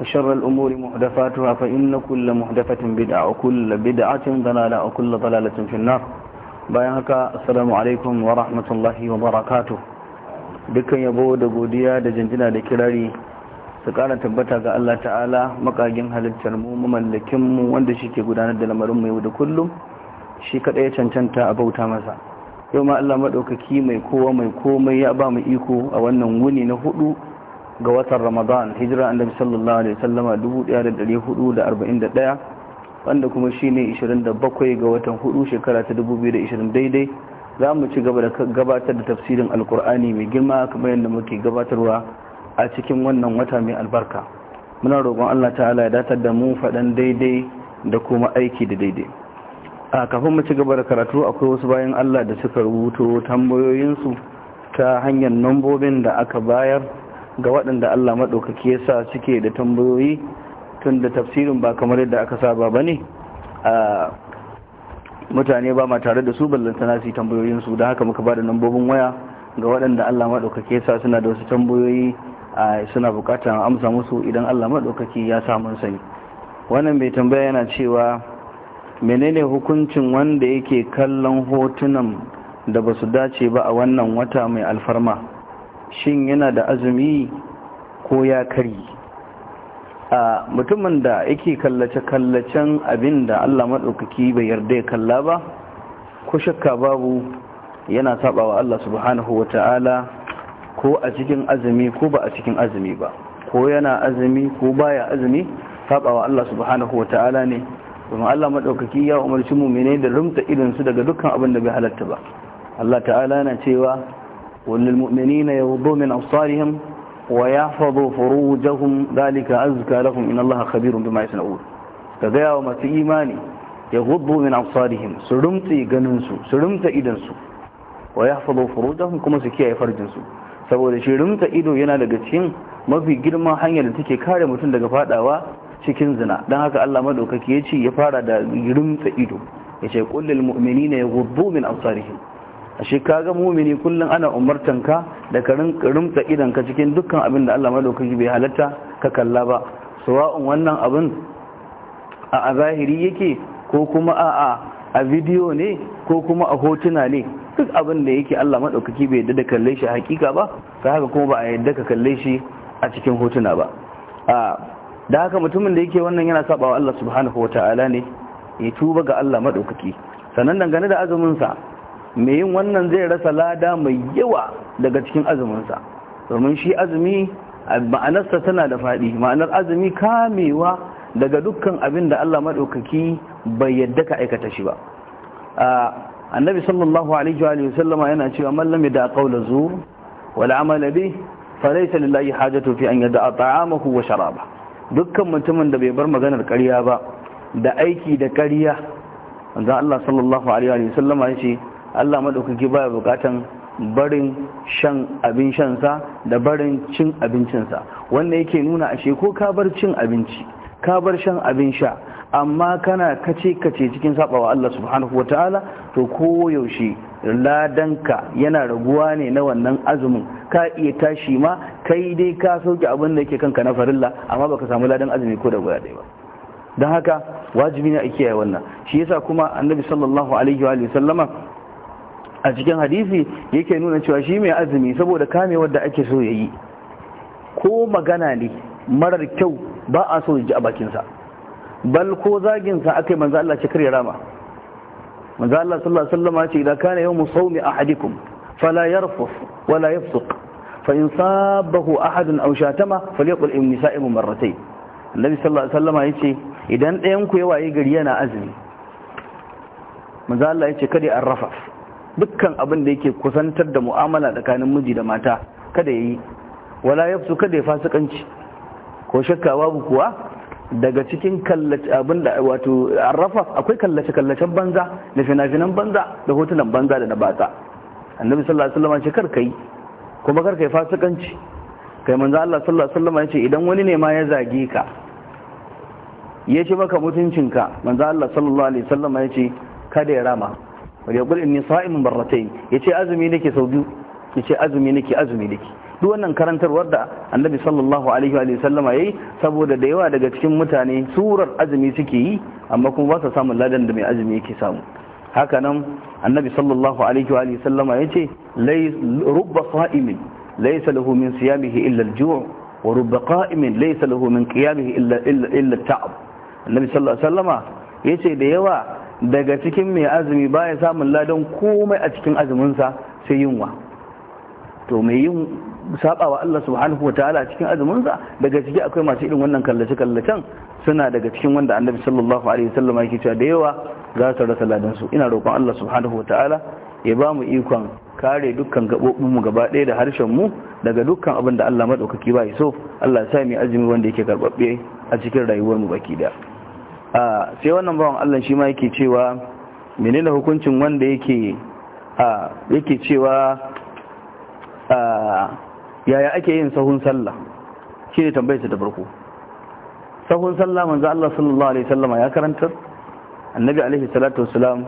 وشر الأمور محدثاتها فإن كل محدثة بدعة وكل بدعة ضلالة وكل ضلالة في النار بايعك السلام عليكم ورحمة الله وبركاته dukkan yabo da godiya da jinjina da kirari su kara tabbata ga Allah ta'ala makagin halittar mu mamallakin mu wanda shi ke gudanar da lamarin mu yau da kullum shi kaɗai cancanta a bauta masa yau ma Allah maɗaukaki mai kowa mai komai ya ba mu iko a wannan wuni na hudu ga watan ramadan hijira annabi sallallahu alaihi wasallama 1441 wanda kuma shine 27 ga watan hudu shekara ta 2020 daidai za mu ci gaba da gabatar da tafsirin alkur'ani mai girma kamar yadda muke gabatarwa a cikin wannan wata mai albarka muna roƙon Allah ta'ala ya datar da mu faɗan daidai da kuma aiki da daidai a kafin mu ci gaba da karatu akwai wasu bayan Allah da suka rubuto tambayoyinsu ta hanyar nombobin da aka bayar ga waɗanda Allah maɗaukaki ya sa suke da tambayoyi tun da tafsirin ba kamar yadda aka saba ba ne a mutane ba ma tare da su ballantana su tambayoyinsu da haka muka ba da nambobin waya ga waɗanda Allah maɗaukaki sa suna da wasu tambayoyi a suna buƙatar amsa musu idan Allah maɗaukaki ya mun sani wannan mai tambaya yana cewa menene hukuncin wanda yake kallon hotunan da ba su dace ba a wannan wata mai alfarma shin yana da azumi ko ya kari a mutumin da yake kallace-kallacen abin da Allah maɗaukaki bai yarda ya kalla ba ko shakka babu yana saba wa Allah subhanahu wa ta'ala ko a cikin azumi ko ba a cikin azumi ba ko yana azumi ko baya azumi saba wa Allah subhanahu wa ta'ala ne domin Allah maɗaukaki ya umarci mummine da rumta irinsu daga dukkan abin da bai halatta ba Allah ta'ala na cewa وللمؤمنين يغضوا من أبصارهم ويحفظوا فروجهم ذلك أزكى لهم إن الله خبير بما يصنعون كذا وما إيماني يغضوا من أبصارهم سرمت جننسو سرمت إدنسو ويحفظوا فروجهم كما سكيه فرجنسو saboda shi rumta ido yana daga cikin mafi girman hanyar da take kare mutum daga fadawa cikin zina don haka Allah madaukaki ya ce ya fara da rumta ido ya ce kullil mu'minina yaghuddu min absarihim ashe kaga mumini kullum ana umartan ka da ka rinka idan ka cikin dukkan abin da Allah madaukaki bai halatta ka kalla ba sawa'un wannan abin a zahiri yake ko kuma a a bidiyo ne ko kuma a hotuna ne duk abin da yake Allah madaukaki bai yadda da kalle shi hakika ba ta haka kuma ba a yadda ka kalle shi a cikin hotuna ba a da haka mutumin da yake wannan yana sabawa Allah subhanahu wataala ne ya tuba ga Allah madaukaki sannan dangane da azumin sa mai yin wannan zai rasa lada mai yawa daga cikin azuminsa domin shi azumi ma'anarsa tana da faɗi ma'anar azumi kamewa daga dukkan abin da Allah maɗaukaki bai yadda ka aikata shi ba annabi sallallahu alaihi wa sallama yana cewa mallami da yada qawla zur amala bi falaysa lillahi hajatu fi an a ta'amahu wa sharaba dukkan mutumin da bai bar maganar karya ba da aiki da karya manzo Allah sallallahu alaihi wa sallama ya ce Allah ba ya bukatan barin shan abin shansa da barin cin abincinsa wanda yake nuna ashe ko ka bar cin abinci ka bar shan abin sha amma kana kace kace cikin sabawa Allah subhanahu wataala to koyaushe ladanka yana raguwa ne na wannan azumin ka iya tashi ma kai dai ka sauke abin da yake kanka na farilla amma baka samu ladan azumi ko da guda ɗaya ba don haka wajibi ne a kiyaye wannan shi yasa kuma annabi sallallahu alaihi wa sallama a cikin hadisi yake nuna cewa shi mai azumi saboda kame wadda ake so ya yi ko magana ne marar kyau ba a so ji a bakinsa bal ko zaginsa aka yi manzo Allah ce kare rama manzo Allah sallallahu alaihi wasallam ce idan kana yawmu sawmi ahadikum fala yarfus wala yafsuq fa in sabahu ahadun aw shatama falyaqul inni sa'imun marratayn annabi sallallahu alaihi wasallam yace idan ɗayan ku ya waye gari yana azumi manzo Allah yace kada an rafa dukkan abin da yake kusantar da mu'amala tsakanin miji da mata kada yayi wala yafsu kada ya fasikanci ko shakka babu kuwa daga cikin kallace abin da wato arrafa akwai kallace kallacen banza da fina-finan banza da hotunan banza da na batsa annabi sallallahu alaihi wasallam ce kar kai kuma kar kai fasikanci kai manzo Allah sallallahu alaihi wasallam ce idan wani ne ma ya zage ka ya ce maka mutuncinka manzo Allah sallallahu alaihi wasallam ce kada ya rama wal yaqul inni sa'imun barratayn yace azumi nake sau biyu yace azumi nake azumi nake duk wannan karantarwar da annabi sallallahu alaihi wa sallama yayi saboda da yawa daga cikin mutane surar azumi suke yi amma kuma ba su samun ladan da mai azumi yake samu haka nan annabi sallallahu alaihi wa sallama yace lay rubba sa'imin laysa lahu min siyamihi illa al-ju' wa rubba qa'imin laysa lahu min qiyamihi illa illa illa taab annabi sallallahu alaihi wa sallama yace da yawa daga cikin mai azumi baya samun ladan komai a cikin azuminsa sai yunwa to mai yin sabawa Allah subhanahu ta'ala cikin azuminsa daga ciki akwai masu irin wannan kallace kallacen suna daga cikin wanda annabi sallallahu alaihi wasallam yake cewa da yawa za su rasa ladan su ina roƙon Allah subhanahu ta'ala ya ba mu ikon kare dukkan gabobinmu gaba ɗaya da harshen mu daga dukkan abin da Allah madaukaki ba ya so Allah ya sa mu azumi wanda yake karbabbe a cikin rayuwar mu baki da. a sai wannan bawan Allah shi ma yake cewa menene hukuncin wanda yake a yake cewa a yaya ake yin sahun sallah shine tambayar ta farko sahun sallah manzo Allah sallallahu alaihi wasallam ya karantar annabi alaihi salatu wasalam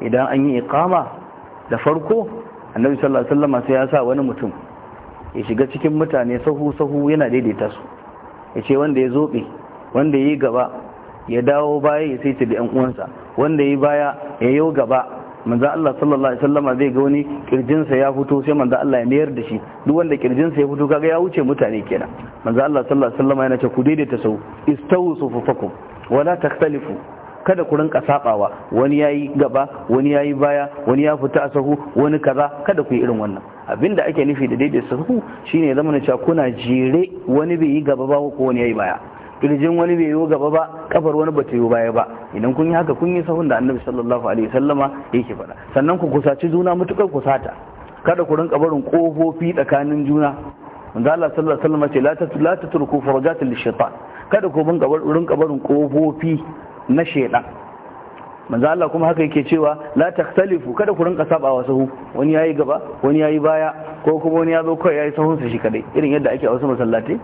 idan an yi iqama da farko annabi sallallahu alaihi wasallam sai ya sa wani mutum ya shiga cikin mutane sahu sahu yana daidaita su ya ce wanda ya zobe wanda ya yi gaba ya dawo baya ya saita da yan uwansa wanda ya baya ya yau gaba manzo Allah sallallahu alaihi wasallama zai ga wani kirjinsa ya fito sai manzo Allah ya mayar da shi duk wanda kirjinsa ya fito kaga ya wuce mutane kenan manzo Allah sallallahu alaihi wasallama yana ce ku daidaita sau istawu sufufakum wala takhtalifu kada ku rinka sabawa wani yayi gaba wani yayi baya wani ya fita a sahu wani kaza kada ku yi irin wannan abinda ake nufi da daidaita sahu shine zamanin cewa kuna jere wani bai yi gaba ba ko wani yayi baya kirjin wani bai yiwu gaba ba kafar wani bata yiwu baya ba idan kun yi haka kun yi sahun da annabi sallallahu alaihi wasallama yake faɗa sannan ku kusaci juna mutukar kusata kada ku rinka barin kofofi tsakanin juna manzo Allah sallallahu alaihi wasallama ce la tatruku farajatil lishaitan kada ku rinka barin kofofi na shaitan manzo Allah kuma haka yake cewa la takhtalifu kada ku rinka sabawa sahu wani yayi gaba wani yayi baya ko kuma wani ya zo kai yayi sahun sa shi kadai irin yadda ake a wasu masallati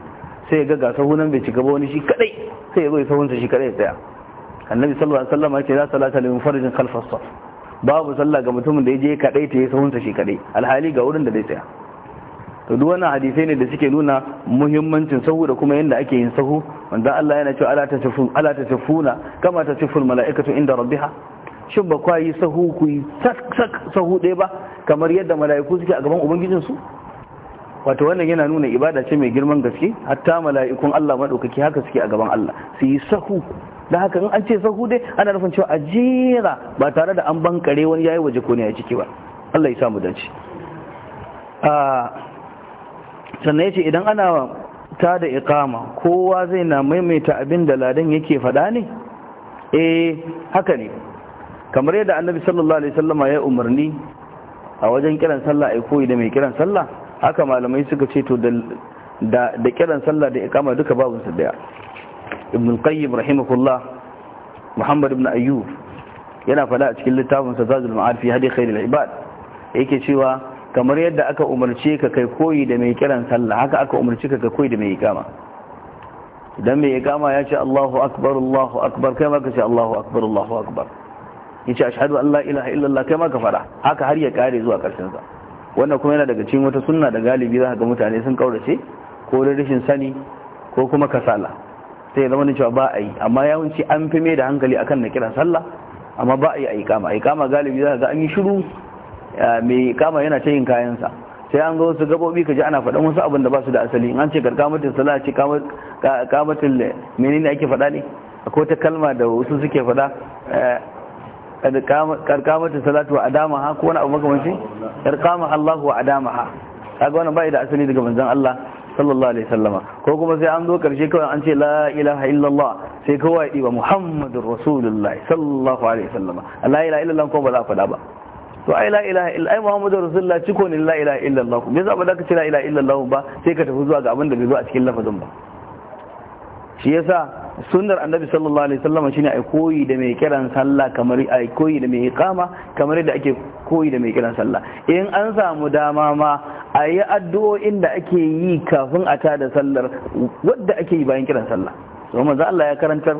sai ga ga sahunan bai cika ba wani shi kadai sai ya zo sahunsa shi kadai tsaya annabi sallallahu alaihi wasallam yake la salata lil munfarijin khalfas saf babu sallah ga mutumin da yaje kadai ta yi sahunsa shi kadai alhali ga wurin da zai tsaya to duk wannan hadisai ne da suke nuna muhimmancin sahu da kuma yanda ake yin sahu wanda Allah yana cewa ala tasaffu ala tasaffuna kama tasaffu malaikatu inda rabbiha shin ba kwayi yi sahu ku yi sak sak sahu ɗaya ba kamar yadda mala'iku suke a gaban su wato wannan yana nuna ibada ce mai girman gaske hatta mala'ikun Allah madaukaki haka suke a gaban Allah su yi sahu da haka an ce sahu dai ana nufin cewa a ba tare da an bankare wani yayi waje ko ne ya ciki ba Allah ya sa mu dace a ah, sannan yace idan ana ta da iqama kowa zai na maimaita abin da ladan yake faɗa ne eh haka ne kamar yadda annabi sallallahu alaihi wasallama ya umarni a wajen kiran sallah ai koyi da mai kiran sallah haka malamai suka ce to da da kiran sallah da ikama duka babu su daya ibn qayyim rahimahullah muhammad ibn ayyub yana fada a cikin littafin sa zazul ma'arif hadi khairul ibad yake cewa kamar yadda aka umarce ka kai koyi da mai kiran sallah haka aka umarce ka kai koyi da mai ikama idan mai ikama ya ce Allahu akbar Allahu akbar kai ma ka ce Allahu akbar Allahu akbar yace ashhadu an la ilaha illallah kai ma ka fara haka har ya kare zuwa karshen sa wannan kuma yana daga cikin wata sunna da galibi za ga mutane sun kaurace ko da rashin sani ko kuma kasala sai ya zama ne cewa ba a yi amma yawanci an fi mai da hankali akan na kira sallah amma ba a yi a yi kama galibi za ga an yi shiru mai kama yana ta yin kayansa sai an ga wasu gabobi ka ji ana faɗan wasu abin da ba su da asali an ce karkamatin sallah ce kamatin menene ake faɗa ne akwai ta kalma da wasu suke faɗa eh, karkamata salatu wa adamaha ko wani abu makamashi karkama Allah wa adamaha kaga wannan bai da asali daga manzon Allah sallallahu alaihi sallama ko kuma sai an zo karshe kawai an ce la ilaha illallah sai kawai diba muhammadur rasulullah sallallahu alaihi sallama la ilaha illallah ko ba za faɗa ba to ai la ilaha illa ai muhammadur rasulullah ciko ne la ilaha illallah me za ba za ka ce la ilaha illallah ba sai ka tafi zuwa ga abin da bai zo a cikin lafazin ba shi yasa sunnar annabi sallallahu alaihi wasallam shine ai koyi da mai kiran sallah kamar ai koyi da mai iqama kamar da ake koyi da mai kiran sallah in an samu dama ma ayi addu'o'in da ake yi kafin a tada sallar wanda ake yi bayan kiran sallah to manzo Allah ya karantar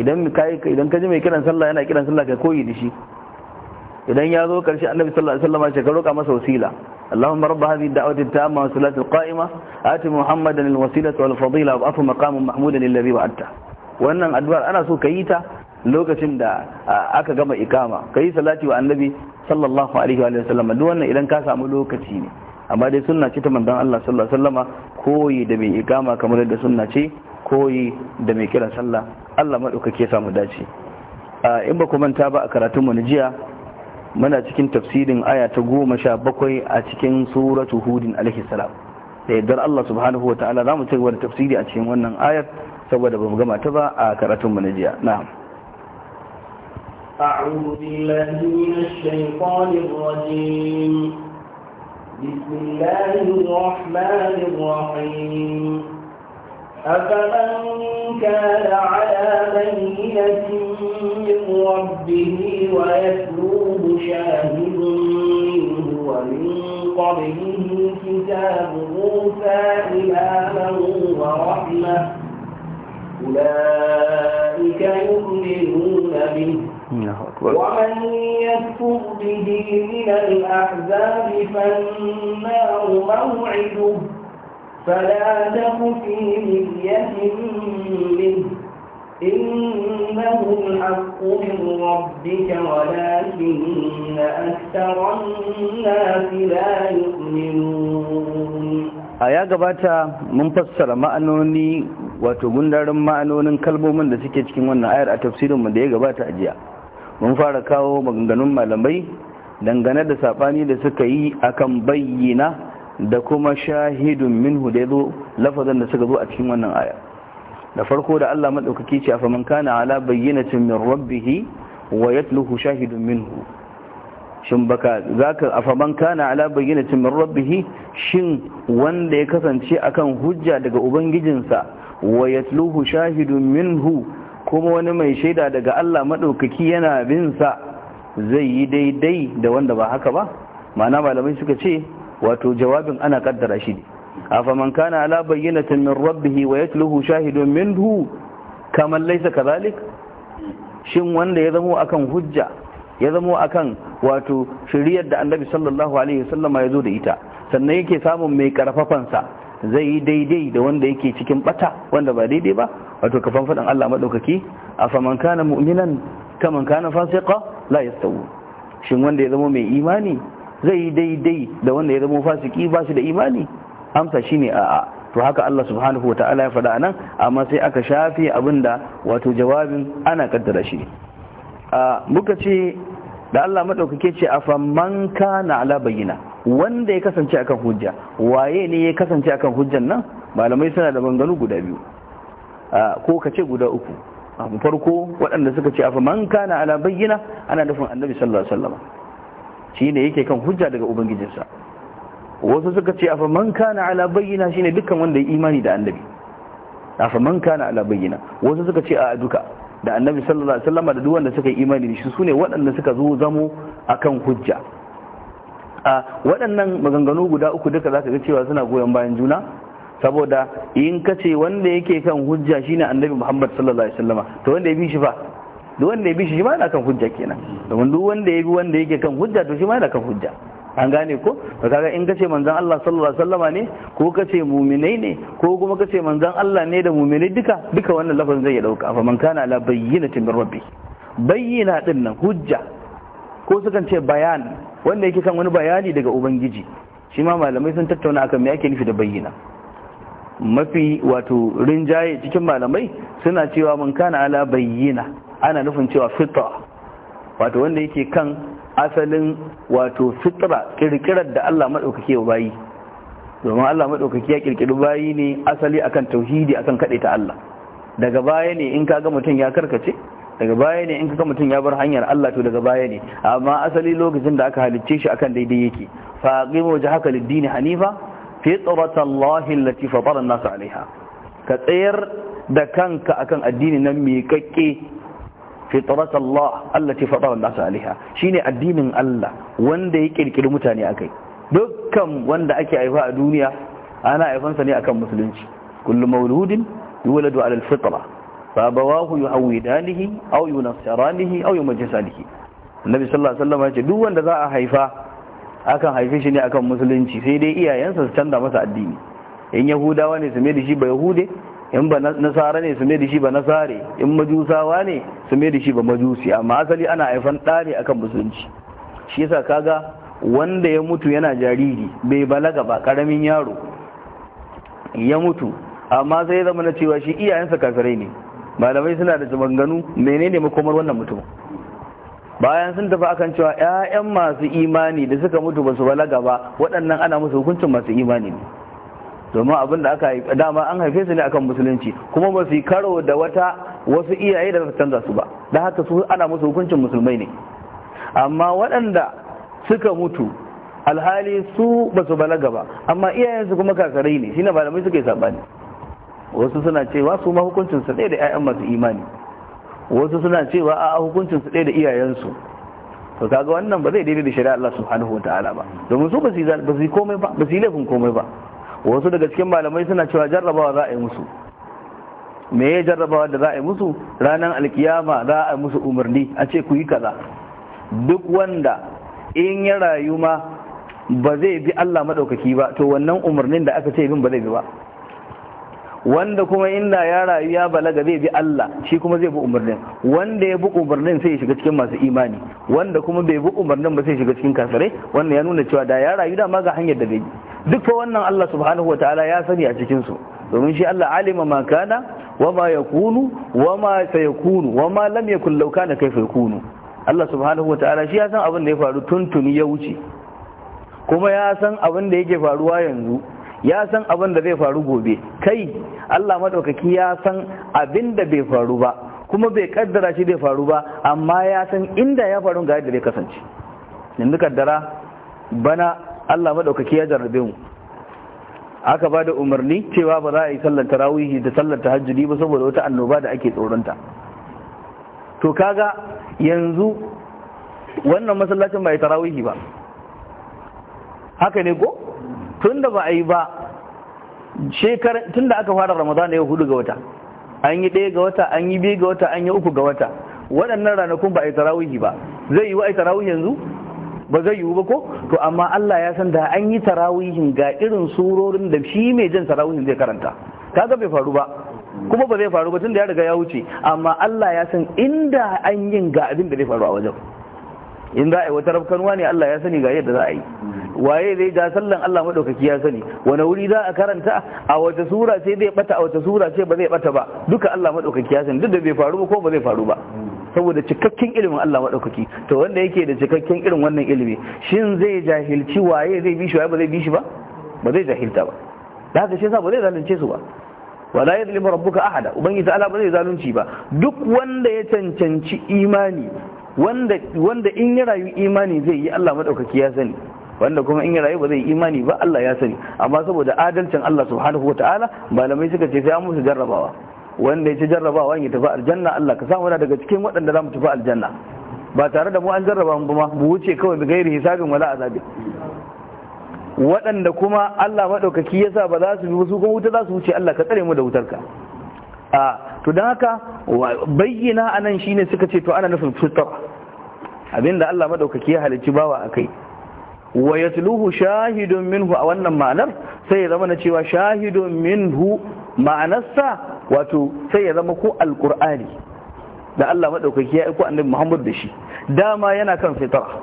idan kai idan ka ji mai kiran sallah yana kiran sallah ka koyi da shi idan ya zo karshe annabi sallallahu alaihi wasallam ya ce roka masa wasila اللهم رب هذه الدعوة التامة والصلاة القائمة آت محمدا الوسيلة والفضيلة وابعثه مقاما محمودا للذي وعدته wannan addu'ar ana so ka yi ta lokacin da aka gama ikama kayi yi salati wa annabi sallallahu alaihi wa sallam duk wannan idan ka samu lokaci ne amma dai sunna ce ta manzon Allah sallallahu alaihi wasallama koyi da mai ikama kamar yadda sunna ce koyi da mai kiran sallah Allah madaukake samu dace in baku ku manta ba a karatun mu na jiya muna cikin tafsirin aya ta goma sha bakwai a cikin suratu hudin alaihi salam da yardar Allah subhanahu wa ta'ala za mu ci gaba tafsiri a cikin wannan ayat saboda ba mu gama ta ba a karatun manajiya na jiya na'am أعوذ بالله من الشيطان الرجيم بسم الله الرحمن أفمن كان على بينة من ربه ويتلوه شاهد منه ومن قبله كتاب موسى إماما ورحمة أولئك يؤمنون به ومن يكفر به من الأحزاب فالنار موعده فلا تك في منه إنه الحق من ربك ولكن أكثر الناس لا يؤمنون a ya gabata mun fassara ma'anoni wato gundarin ma'anonin kalmomin da suke cikin wannan ayar a tafsirinmu da ya gabata a jiya mun fara kawo maganganun malamai dangane da saɓani da suka yi akan bayyana da kuma shahidun minhu da yazo lafazan da suka zo a cikin wannan aya da farko da Allah madaukaki ce fa man kana ala bayyinatin min rabbih wa yatluhu shahidun minhu shin baka zaka afa man kana ala bayyinatin min rabbih shin wanda ya kasance akan hujja daga ubangijinsa wa yatluhu shahidun minhu kuma wani mai shaida daga Allah madaukaki yana bin sa zai yi daidai da wanda ba haka ba ma'ana malamai suka ce wato jawabin ana kaddara shi ne afaman kana ala bayyinatin min rabbih wa yatluhu shahidun minhu kaman laysa kadhalik shin wanda ya zamo akan hujja ya zamo akan wato shiriyar da annabi sallallahu alaihi wasallama ya zo da ita sannan yake samun mai karfafansa zai yi daidai da wanda yake cikin bata wanda ba daidai ba wato kafan faɗin Allah maɗaukaki a faman kana mu'minan kaman kana fasiqa la yastawu shin wanda ya zama mai imani zai yi daidai da wanda ya zama fasiki ba shi da imani amsa shine a'a to haka Allah subhanahu wa ta'ala ya faɗa nan amma sai aka shafi abinda wato jawabin ana kaddara shi muka ce da Allah madaukake ce afamman kana ala bayyina wanda ya kasance akan hujja waye ne ya kasance akan hujjan nan malamai suna da bangano guda biyu ko ka ce guda uku a farko waɗanda suka ce afaman kana ala bayyina ana nufin annabi sallallahu alaihi wasallam ne yake kan hujja daga ubangijinsa wasu suka ce afa man kana ala bayyina shine dukkan wanda ya imani da annabi afa man kana ala bayyana wasu suka ce a duka da annabi sallallahu alaihi wasallam da duk wanda suka yi imani da shi sune waɗanda suka zo zamo akan hujja a waɗannan maganganu guda uku duka zaka ga cewa suna goyon bayan juna saboda in kace wanda yake kan hujja shine annabi Muhammad sallallahu alaihi wasallam to wanda ya bi shi fa duk wanda ya bi shi ma yana kan hujja kenan domin duk wanda ya bi wanda yake kan hujja to shi ma yana kan hujja an gane ko ba kaga in kace manzon Allah sallallahu alaihi wasallama ne ko kace mu'minai ne ko kuma kace manzon Allah ne da mu'minai duka duka wannan lafazin zai dauka fa man kana ala bayyinatin min rabbi bayyina din nan hujja ko sukan ce bayan wanda yake kan wani bayani daga ubangiji shi ma malamai sun tattauna akan me ake nufi da bayyina mafi wato rinjaye cikin malamai suna cewa man kana ala bayyina ana nufin cewa fitra wato wanda yake kan asalin wato fitra kirkirar da Allah maɗaukake wa bayi domin Allah maɗaukake ya kirkiri bayi ne asali akan tauhidi akan kaɗe ta Allah daga baya ne in kaga mutum ya karkace daga baya ne in kaga mutum ya bar hanyar Allah to daga baya ne amma asali lokacin da aka halicce shi akan daidai yake fa qimu haka lid-din hanifa fitratallahi allati fatara an-nas 'alayha ka tsayar da kanka akan addini nan miƙaƙƙe fitrat Allah allati fatara an-nas alaiha shine addinin Allah wanda ya kirkiri mutane akai dukkan wanda ake haifa a duniya ana sa ne akan musulunci kullu mauludin yuladu ala al-fitra fa abawahu yuhawidanihi aw yunassiranihi aw yumajjisanihi annabi sallallahu alaihi wasallam ya ce duk wanda za a haifa akan haife shi ne akan musulunci sai dai iyayensa su canza masa addini in yahudawa ne su mai da shi ba yahude in ba nasara ne su da shi ba nasare in majusawa ne su da shi ba majusi amma asali ana haifan ɗari ne akan musulunci shi yasa kaga wanda ya mutu yana jariri bai balaga ba karamin yaro ya mutu amma sai ya zama na cewa shi iyayensa kafirai ne malamai suna da maganganu menene makomar wannan mutum bayan sun tafi akan cewa 'ya'yan masu imani da suka mutu ba su balaga ba waɗannan ana musu hukuncin masu imani ne domin abin da aka dama an haife su ne akan musulunci kuma ba su karo da wata wasu iyaye da su canza su ba da haka su ana musu hukuncin musulmai ne amma waɗanda suka mutu alhali su ba su balaga ba amma iyayensu kuma kakarai ne shine malamai suka yi sabani wasu suna cewa su ma hukuncin su ɗaya da 'ya'yan masu imani wasu suna cewa a hukuncin su ɗaya da iyayensu to kaga wannan ba zai daidai da shari'a Allah subhanahu wataala ba domin su ba su yi komai ba ba su yi laifin komai ba wasu daga cikin malamai suna cewa jarrabawa za a yi musu me ya jarrabawa da za a yi musu ranar alkiyama za a yi musu umarni a ce ku yi kaza duk wanda in ya rayu ma ba zai bi Allah maɗaukaki ba to wannan umarnin da aka ce bin ba zai bi ba wanda kuma inda ya rayu ya balaga zai bi Allah shi kuma zai bi umarnin wanda ya bi umarnin sai ya shiga cikin masu imani wanda kuma bai bi umarnin ba sai shiga cikin kafirai wannan ya nuna cewa da ya rayu da ma ga hanyar da bai duk wannan Allah subhanahu wa ta'ala ya sani a cikin su domin shi Allah alima ma kana wa ma yakunu wa ma sayakunu wa ma lam yakun law kana kayfa yakunu Allah subhanahu wa ta'ala shi ya san abin da ya faru tuntuni ya wuce kuma ya san abin da yake faruwa yanzu ya san abin da zai faru gobe kai Allah madaukaki ya san abin da bai faru ba kuma bai kaddara shi zai faru ba amma ya san inda ya faru ga yadda zai kasance yanzu kaddara bana Allah madaukaki ya jarrabe mu aka ba da umarni cewa ba za a yi sallar tarawihi da sallar tahajjudi ba saboda wata annoba da ake tsoronta to kaga yanzu wannan masallacin ba yi tarawihi ba haka ne ko tunda ba a yi ba tunda aka fara ramadana ya hudu ga wata an yi ɗaya ga wata an yi biyu ga wata an yi uku ga wata waɗannan ranakun ba a yi tarawihi ba zai yi wa a yi tarawihi yanzu ba zai yiwu ba ko to amma Allah ya san da an yi tarawihin ga irin surorin da shi mai jin tarawihin zai karanta kaga bai faru ba kuma ba zai faru ba tunda ya riga ya wuce amma Allah ya san inda an yin ga abin da zai faru a wajen in za a yi wata rafkanuwa ne Allah ya sani ga yadda za a yi waye zai ga sallan Allah madaukaki ya sani wani wuri za a karanta a wata sura sai zai bata a wata sura sai ba zai bata ba duka Allah madaukaki ya sani duk da bai faru ba ko ba zai faru ba saboda cikakken ilimin Allah maɗaukaki, to wanda yake da cikakken irin wannan ilimi shin zai jahilci waye zai bishi waye ba zai bi shi ba ba zai jahilta ba da haka shi yasa ba zai zalunce su ba wala yadlimu rabbuka ahada ubangiji ta'ala ba zai zalunci ba duk wanda ya cancanci imani wanda wanda in ya rayu imani zai yi Allah maɗaukaki ya sani wanda kuma in ya rayu ba zai imani ba Allah ya sani amma saboda adalcin Allah subhanahu ta'ala, malamai suka ce sai an musu jarrabawa wanda ya ci jarrabawa ya tafi aljanna Allah ka samu daga cikin waɗanda za mu tafi aljanna ba tare da mu an jarraba mu ba mu wuce kawai mu gairi hisabin wala azabi waɗanda kuma Allah maɗaukaki ya sa ba za su bi su kuma wuta za su wuce Allah ka tsare mu da wutarka a to dan haka bayyana anan shine suka ce to ana nufin fitar abinda Allah maɗaukaki ya halicci bawa a kai wa yatluhu shahidun minhu a wannan ma'anar sai ya zama na cewa shahidun minhu ma'anarsa wato sai ya zama ko alkur'ani da Allah maɗaukaki ya aiko annabi Muhammad da shi dama yana kan fitara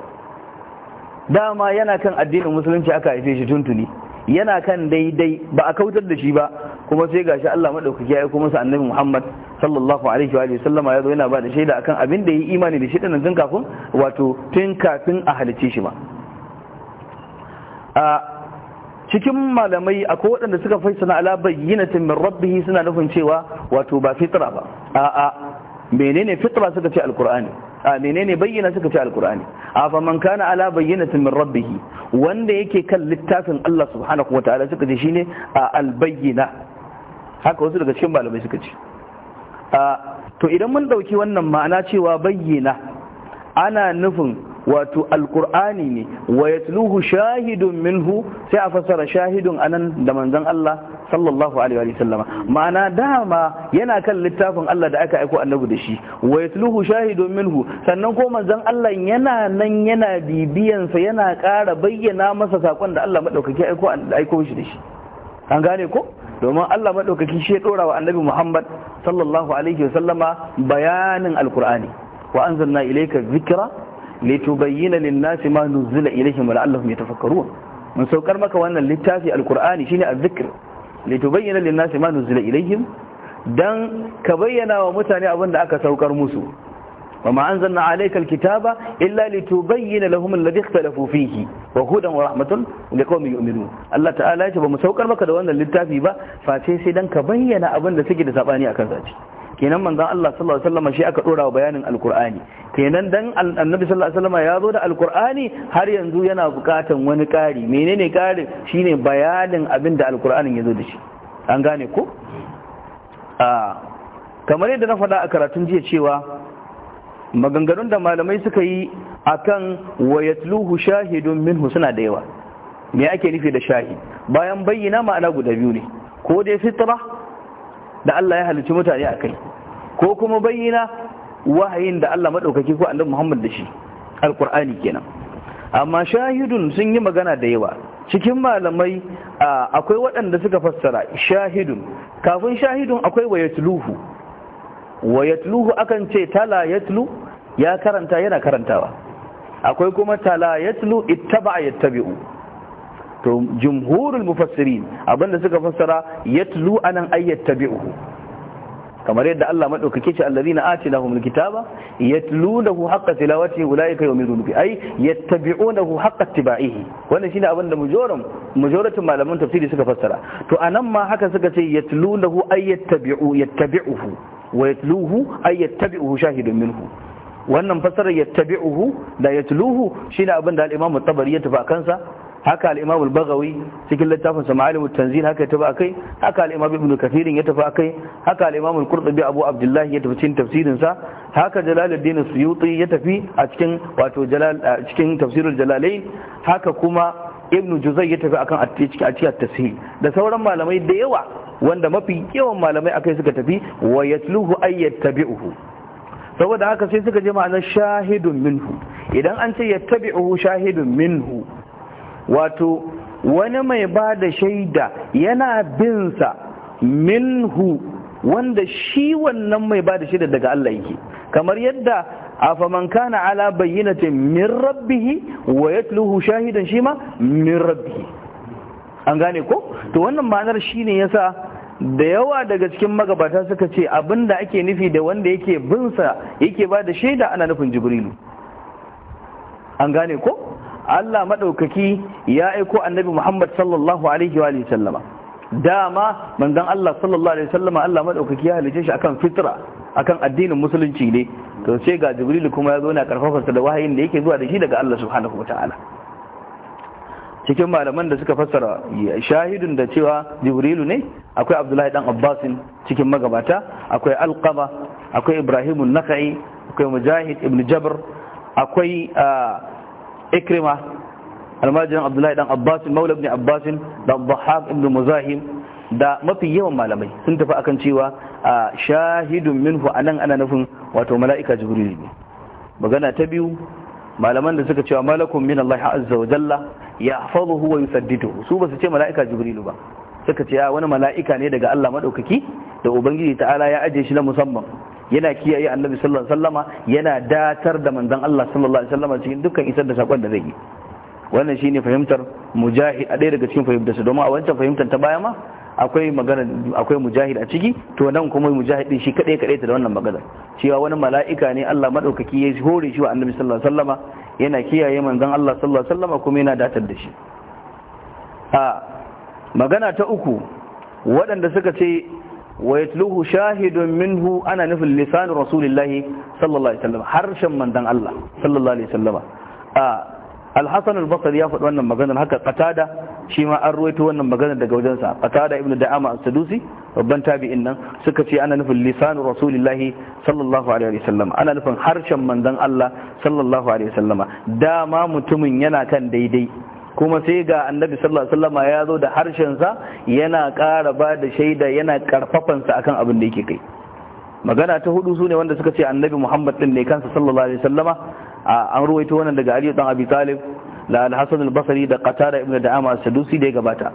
dama yana kan addinin musulunci aka haife shi tuntuni yana kan daidai ba a kautar da shi ba kuma sai gashi Allah madaukaki ya aiko masa annabi Muhammad sallallahu alaihi wa sallama ya zo yana ba da shaida akan abin da yi imani da shi din tun kafin wato tun kafin a halice shi ba cikin malamai akwai waɗanda suka fai sana ala bayyinatin min rabbihi suna nufin cewa wato ba fitra ba a'a menene fitra suka ce alqur'ani a menene bayyana suka ce alqur'ani a fa man kana ala bayyinatin min rabbihi wanda yake kan littafin Allah subhanahu wataala suka ce shine a albayyina haka wasu daga cikin malamai suka ce to idan mun dauki wannan ma'ana cewa bayyina ana nufin wato alkur'ani ne wa yatluhu shahidun minhu sai a fasara shahidun anan da manzon Allah sallallahu alaihi wa sallama ma'ana dama yana kan littafin Allah da aka aiko annabi da shi wa yatluhu shahidun minhu sannan ko manzon Allah yana nan yana bibiyan sa yana ƙara bayyana masa sakon da Allah madaukaki aiko aiko shi da shi an gane ko domin Allah madaukaki shi ya dora wa annabi Muhammad sallallahu alaihi wa sallama bayanin alkur'ani wa anzalna ilayka dhikra litubayyana lin-nasi ma nuzila ilayhim wa la'allahum yatafakkarun mun saukar maka wannan littafi alqur'ani shine azzikr litubayyana lin-nasi ma nuzila ilayhim dan ka bayyana wa mutane abin da aka saukar musu wa ma anzalna alayka alkitaba illa litubayyana lahum alladhi ikhtalafu fihi wa hudan wa rahmatan liqaumin yu'minun Allah ta'ala ya ce ba mu saukar maka da wannan littafi ba face sai dan ka bayyana abin da suke da sabani akan zaci kenan manzon Allah sallallahu alaihi wasallam shi aka dora wa bayanin alqur'ani kenan dan annabi sallallahu alaihi wasallam ya zo da alqur'ani har yanzu yana bukatan wani ƙari menene ƙarin shine bayanin abin da alqur'anin ya zo da shi an gane ko a kamar yadda na faɗa a karatun jiya cewa maganganun da malamai suka yi akan wayatluhu shahidun minhu suna da yawa me ake nufi da shahi? bayan bayyana ma'ana guda biyu ne ko dai fitra da Allah ya halicci mutane a kai ko kuma bayyana wahayin da Allah maɗaukaki ko annabi Muhammad da shi alqur'ani kenan amma shahidun sun yi magana da yawa cikin malamai akwai waɗanda suka fassara shahidun kafin shahidun akwai wa yatluhu wa akan ce tala yatlu ya karanta yana karantawa akwai kuma tala yatlu ittaba yattabi'u to jumhurul mufassirin abinda suka fassara yatlu anan ayyattabi'u kamar yadda Allah madaukake ce allazina atinahumul kitaba yatlunahu haqqa tilawati ulaika yu'minuna bi ay yattabi'unahu haqqa ittiba'ihi wannan shine abin da mujoram majoratin malaman tafsiri suka fassara to anan ma haka suka ce yatlunahu ay yattabi'u yattabi'uhu wa yatluhu ay yattabi'uhu shahidun minhu wannan fassarar yattabi'uhu da yatluhu shine abin da al-imam at-tabari ya tafi kansa haka al-imam al-baghawi cikin littafin sa ma'alim haka ya tafi akai haka al ibn kathir ya tafi akai haka al al abu Abdullahi ya tafi cikin tafsirinsa. haka jalaluddin suyuti ya tafi a cikin wato cikin tafsirin jalalain haka kuma ibn juzai ya tafi akan a cikin tafsir da sauran malamai da yawa wanda mafi yawan malamai akai suka tafi wa yatluhu ayyattabi'uhu saboda haka sai suka je ma'anar shahidun minhu idan an ce yattabi'uhu shahidun minhu wato wani mai ba da shaida yana binsa minhu wanda shi wannan mai ba da shaida daga Allah yake kamar yadda afaman kana ala bayyinatin min rabbihi wa yatluhu shahidan shima min rabbihi an gane ko to wannan ma'anar shine yasa da yawa daga cikin magabata suka ce abinda ake nufi da wanda yake binsa yake ba da shaida ana nufin jibrilu an gane ko Allah maɗaukaki ya aiko annabi Muhammad sallallahu alaihi wa sallama dama manzon Allah sallallahu alaihi sallama Allah maɗaukaki ya halice shi akan fitra akan addinin musulunci ne to sai ga Jibril kuma ya zo na karfafa da wahayin da yake zuwa da shi daga Allah subhanahu ta'ala. cikin malaman da suka fassara shahidun da cewa Jibrilu ne akwai Abdullahi dan Abbasin cikin magabata akwai Alqama akwai Ibrahim Naka'i, akwai Mujahid ibn Jabr akwai ah, ikrima almajiran abdullahi dan abbasin maula ibn abbasin da dhahab ibn muzahim da mafi yawan malamai sun tafi akan cewa a shahidun minhu nan ana nufin wato mala'ika jibril ne magana ta biyu malaman da suka cewa malakun min Allah azza wa jalla yahfazuhu wa yusaddidu su ba su ce mala'ika jibril ba suka ce wani mala'ika ne daga Allah madaukaki da ubangiji ta'ala ya ajiye shi na musamman yana kiyaye annabi sallallahu alaihi wasallama yana datar da manzon Allah sallallahu alaihi wasallama cikin dukkan isar da sakon da zai yi wannan shine fahimtar mujahid a ɗaya daga cikin fahimtar su domin a wancan fahimtar ta baya ma akwai magana akwai mujahid a ciki to nan kuma mujahid din shi kadai kadai ta da wannan magana cewa wani mala'ika ne Allah madaukaki ya hore shi wa annabi sallallahu alaihi wasallama yana kiyaye manzon Allah sallallahu alaihi wasallama kuma yana datar da shi a magana ta uku waɗanda suka ce wa yatluhu shahidun minhu ana nufin lisan rasulillahi sallallahu alaihi wasallam harshen mandan Allah sallallahu alaihi wasallam a al-hasan al-basri ya faɗi wannan maganar haka qatada shi ma an ruwaito wannan maganar daga wajen sa, qatada ibnu da'ama as-sadusi babban tabi'in nan suka ce ana nufin lisanu rasulillahi sallallahu alaihi wasallam ana nufin harshen manzon Allah sallallahu alaihi wasallama dama mutumin yana kan daidai kuma sai ga annabi sallallahu alaihi wasallam ya zo da harshensa yana ƙara ba da shaida yana sa akan abin da yake kai magana ta hudu sune wanda suka ce annabi muhammad din ne kansa sallallahu alaihi wasallama an ruwaito wannan daga aliyu dan abi talib da al-hasan al-basri da qatada ibn da'ama as-sadusi da ya gabata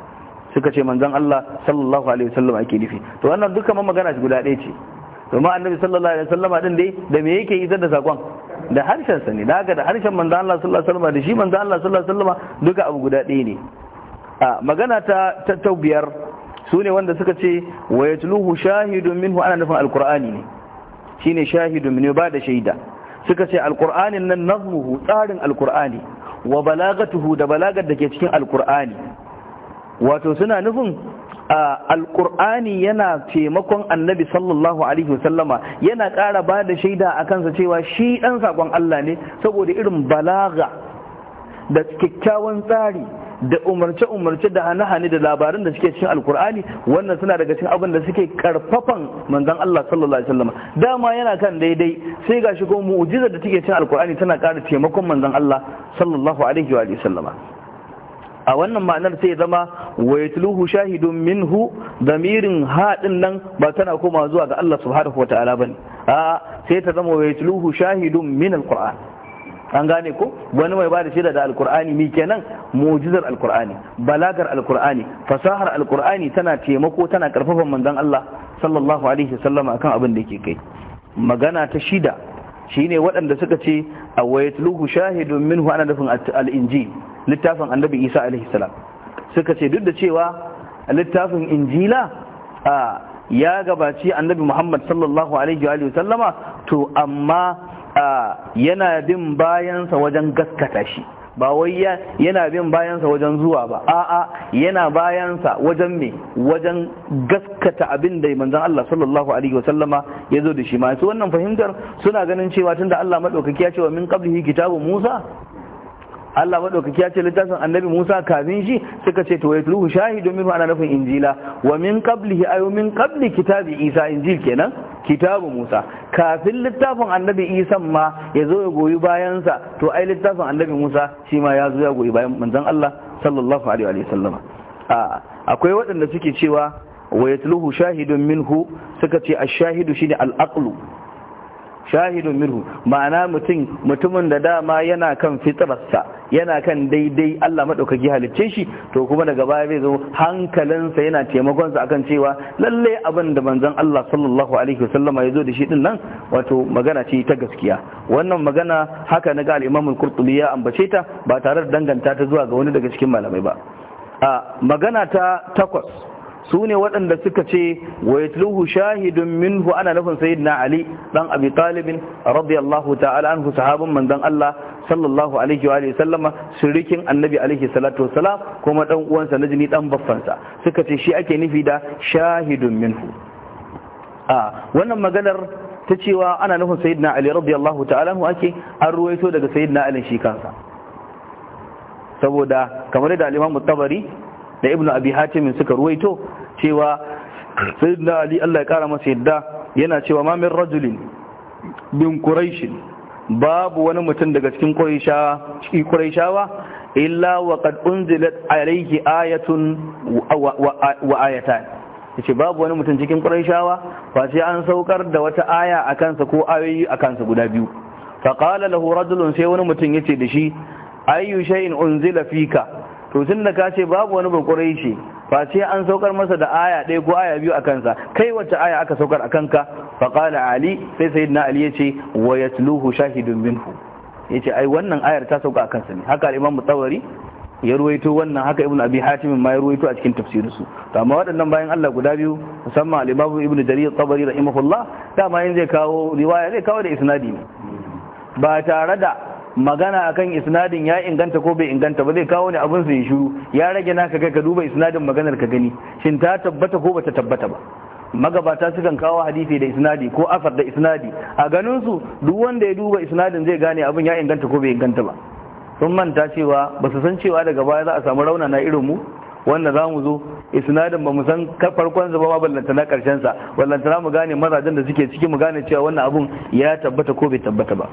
suka ce manzon Allah sallallahu alaihi wasallam ake nufi to wannan duka magana guda ɗaya ce ma annabi sallallahu alaihi wasallama din dai da me yake yi da sakon da harshen sani ne da da harshen manzo Allah sallallahu alaihi wasallam da shi manzo Allah sallallahu alaihi wasallam duka abu guda ɗaya ne a magana ta taubiyar su ne wanda suka ce wa yatluhu shahidun minhu ana nufin alqur'ani ne shine shahidun min ba da shaida suka ce alqur'ani nan nazmuhu tsarin alqur'ani wa balagatuhu da balagar da ke cikin alqur'ani wato suna nufin alkur'ani yana taimakon annabi sallallahu alaihi wasallama yana ƙara ba da shaida a kansa cewa shi ɗan saƙon Allah ne saboda irin balaga da kyakkyawan tsari da umarce-umarce da hane-hane da labarin da suke cikin alkur'ani wannan suna daga cikin abin da suke karfafan manzon Allah sallallahu alaihi wasallama dama yana kan daidai sai gashi ko mu'ujizar da take cikin alkur'ani tana ƙara taimakon manzon Allah sallallahu alaihi wa sallama a wannan ma'anar sai zama wa yatluhu shahidun minhu damirin haɗin nan ba tana koma zuwa ga Allah subhanahu wata'ala bane a sai ta zama wa yatluhu shahidun min alquran an gane ko wani mai bada shaida da alqur'ani mi kenan mu'jizar alqur'ani balagar alqur'ani fasahar alqur'ani tana taimako tana karfafa manzon Allah sallallahu alaihi wasallam akan abin da yake kai magana ta shida shine waɗanda suka ce a wayatluhu shahidun minhu ana nufin al-injil littafin annabi isa alaihi salam suka ce duk da cewa littafin injila ya gabaci annabi muhammad sallallahu alaihi wa sallama to amma yana bin bayansa wajen gaskata shi ba wai yana bin bayansa wajen zuwa ba a'a yana bayansa wajen me wajen gaskata abin da manzon Allah sallallahu alaihi wasallama ya zo da shi ma su wannan fahimtar suna ganin cewa tunda Allah madaukaki ya ce wa min qablihi kitabu Musa Allah madaukaki ya ce littafin annabi Musa kafin shi suka ce to yatluhu shahidu minhu ana nufin injila wa min qablihi ayu min qabli kitabi Isa injil kenan kitabu Musa kafin littafin annabi Isa ma ya zo ya goyi bayan sa to ai littafin annabi Musa shi ma ya zo ya goyi bayan manzon Allah sallallahu alaihi wa sallam akwai waɗanda suke cewa wa yatluhu shahidu minhu suka ce ash-shahidu shine al-aqlu shahidun minhu ma'ana mutum mutumin da dama yana kan fitrarsa yana kan daidai Allah madaukaki halicce shi to kuma daga baya zai zo hankalinsa yana taimakon sa akan cewa lalle abin da manzon Allah sallallahu alaihi wasallama ya zo da shi din nan wato magana ce ta gaskiya wannan magana haka na ga al-Imam al-Qurtubi ya ambace ta ba tare da danganta ta zuwa ga wani daga cikin malamai ba a magana ta takwas su ne waɗanda suka ce wa yatluhu shahidun minhu ana nufin sayyidina ali dan abi talibin radiyallahu ta'ala anhu sahabban manzon Allah sallallahu alaihi wa sallama surikin annabi alaihi salatu wassalam kuma dan uwansa na jini ɗan baffansa suka ce shi ake nufi da shahidun minhu a wannan maganar ta cewa ana nufin sayyidina ali radiyallahu ta'ala anhu ake an ruwaito daga sayyidina ali shi kansa saboda kamar da al-imam tabari da ibnu abi hatim suka ruwaito cewa sayyidina ali Allah ya kara masa yadda yana cewa ma min rajulin bin quraish babu wani mutum daga cikin quraishawa illa wa qad unzilat alayhi ayatun wa ayatan yace babu wani mutum cikin quraishawa fa sai an saukar da wata aya akan sa ko ayoyi akan sa guda biyu fa qala lahu rajulun sai wani mutum yace da shi ayyu shay'in unzila fika to tun da ka ce babu wani bakurai shi face an saukar masa da aya ɗaya ko aya biyu a kansa kai wacce aya aka saukar a kanka kala ali sai sayyidina ali ya ce wa tuluhu shahidun minhu ya ce ai wannan ayar ta sauka a kansa ne haka al'imam mutsawari ya ruwaito wannan haka ibn abi hatim ma ya ruwaito a cikin tafsirinsu to amma waɗannan bayan Allah guda biyu musamman al-imam ibn jarir tabari rahimahullah dama yin zai kawo riwaya zai kawo da isnadi ba tare da magana akan isnadin ya inganta ko bai inganta ba zai kawo ne abin sai shiru ya rage naka kai ka duba isnadin maganar ka gani shin ta tabbata ko bata tabbata ba magabata sukan kawo hadisi da isnadi ko asar da isnadi a ganin su duk wanda ya duba isnadin zai gane abin ya inganta ko bai inganta ba sun manta cewa ba su san cewa daga baya za a samu rauna na irin mu wanda za mu zo isnadin ba mu san farkon zuba ba ballanta na karshen sa ballanta mu gane mazajen da suke ciki mu gane cewa wannan abun ya tabbata ko bai tabbata ba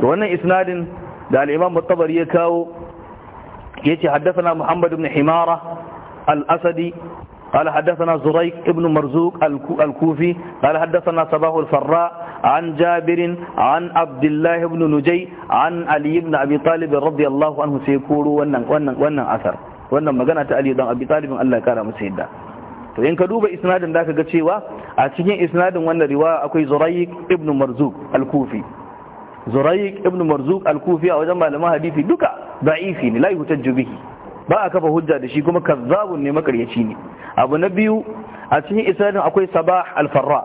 wannan isnadin da al-imam ya kawo yace haddathana muhammad ibn himara al-asadi قال حدثنا زريق ابن مرزوق الكوفي قال حدثنا صباح الفراء عن جابر عن عبد الله بن نجي عن علي بن أبي طالب رضي الله عنه سيكور ونن wannan magana ta Ali dan Abi Talib Allah kara masa yadda to in ka duba isnadin da ka ga cewa a cikin isnadin wannan riwaya akwai Zurayq ibn Marzuq al-Kufi Zuraik ibn marzuq al-kufi a wajen malaman hadisi duka da'ifi ne la yuhtajju bihi ba a kafa hujja da shi kuma kazzabun ne makaryaci ne abu na biyu a cikin isnadin akwai sabah al-farra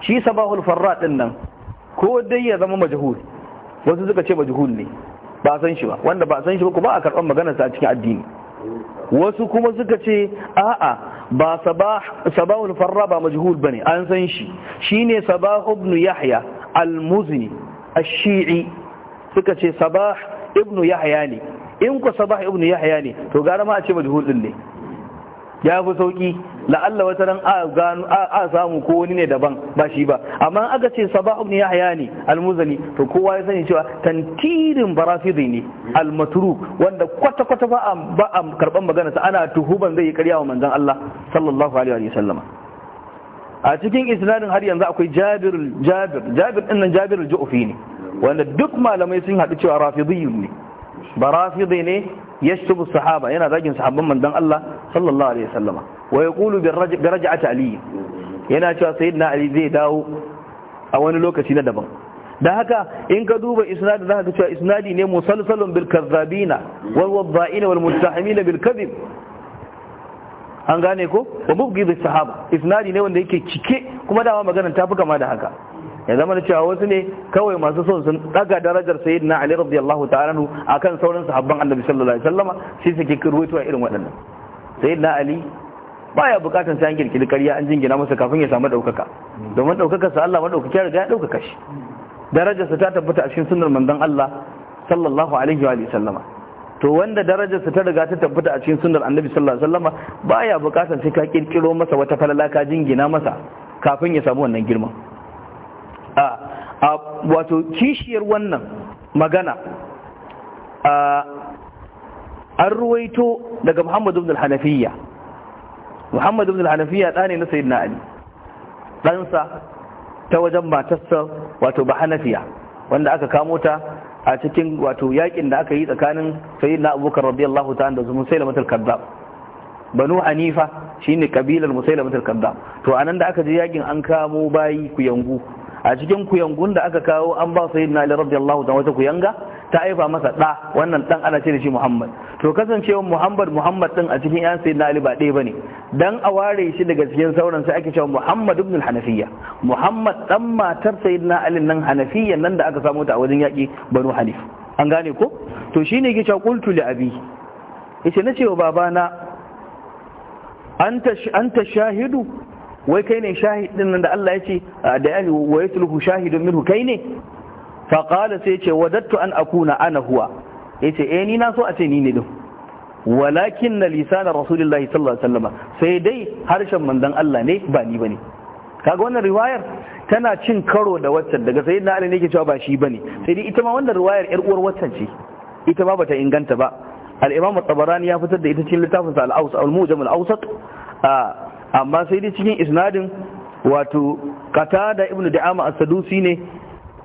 shi sabah al-farra din nan ko dai ya zama majhul wasu suka ce majhul ne ba san shi ba wanda ba san shi ba ba a karban maganar sa a cikin addini wasu kuma suka ce a'a ba sabahul farra ba majhul bane an san shi shine sabah ibn yahya al-muzni ashi'i suka ce sabah ibnu yahya ne in ku sabah ibnu yahya ne to gara ma a ce majhul din ne ya fi sauki la'alla wata ran a samu ko wani ne daban ba shi ba amma aka ce sabah Ibnu yahya ne almuzani to kowa ya sani cewa tantirin barafidi ne almatru wanda kwata kwata ba a karban magana ana tuhuban zai yi karya wa manzon Allah sallallahu alaihi wa sallama a cikin isnadin har yanzu akwai jabir jabir jabir din nan jabir al-ju'fi ne wanda duk malamai sun haɗu cewa rafidiyyu ne ba rafidi ne yashtubu sahaba yana zagin sahabban manzon Allah sallallahu alaihi wasallama wa yaqulu bi raj'ati ali yana cewa sayyidina ali zai dawo a wani lokaci na daban da haka in ka duba isnadi zaka ga cewa isnadi ne musalsalun bil kazzabina wal wadda'ina wal muttahamina bil kadhib an gane ko wa mubghidhi sahaba isnadi ne wanda yake cike kuma dama maganar ta fi kama da haka ya zama da cewa wasu ne kawai masu son sun daga darajar sayyidina ali radiyallahu ta'ala anhu akan sauran sahabban annabi sallallahu alaihi wasallama sai suke kirwaito irin waɗannan sayyidina ali baya bukatan sai an kirkiri ƙarya an jingina masa kafin ya samu daukaka domin daukakar sa Allah madaukaki ya riga ya daukaka shi darajar sa ta tabbata a cikin sunnar manzon Allah sallallahu alaihi wa sallama to wanda darajarsa ta riga ta tabbata a cikin sunnar annabi sallallahu alaihi wasallam baya bukatar sai ka kirkiro masa wata falala ka jingina masa kafin ya samu wannan girma a wato kishiyar wannan magana an ruwaito daga muhammadu ibn al-hanafiya muhammadu ibn al-hanafiya ɗa na sayyidina ali ɗansa ta wajen matarsa wato ba hanafiya wanda aka kamo ta a cikin wato yakin da aka yi tsakanin sayyidina abubakar radiyallahu ta'ala da musailamatul kazzab banu hanifa shine kabilar musailamatul kazzab to anan da aka je yakin an kamo bayi kuyangu a cikin kuyangun da aka kawo an ba sayyidina ali radiyallahu ta'ala wata kuyanga ta aifa masa da wannan dan ana ce da shi muhammad to kasancewar muhammad muhammad din a cikin yan sayyidina ali ba ɗaya bane dan a ware shi daga cikin sauran sai ake cewa muhammad ibn hanafiya muhammad dan matar sayyidina ali nan hanafiya nan da aka samu ta a wajen yaki banu hanif an gane ko to shine yake cewa qultu li abi yace na cewa babana anta anta shahidu wai kai ne shahid nan da Allah ya ce ah, da yani wa sulhu shahidun minhu kai ne fa qala sai ce wadattu an akuna ana huwa yace eh ni na so a ce ni ne din walakin na lisanar rasulullahi sallallahu alaihi wasallam sai dai harshen Mandan Allah ne ba ni bane kaga wannan riwayar tana cin karo da waccan daga sayyidina Ali ne ke cewa ba shi bane sai dai ita ma wannan riwayar yar uwar waccan ce ita ma bata inganta ba al-Imam Tabarani ya fitar da ita cikin littafinsa al-Aws al-Mujam al-Awsat amma sai dai cikin isnadin wato Qatada ibn Da'ama as-Sadusi ne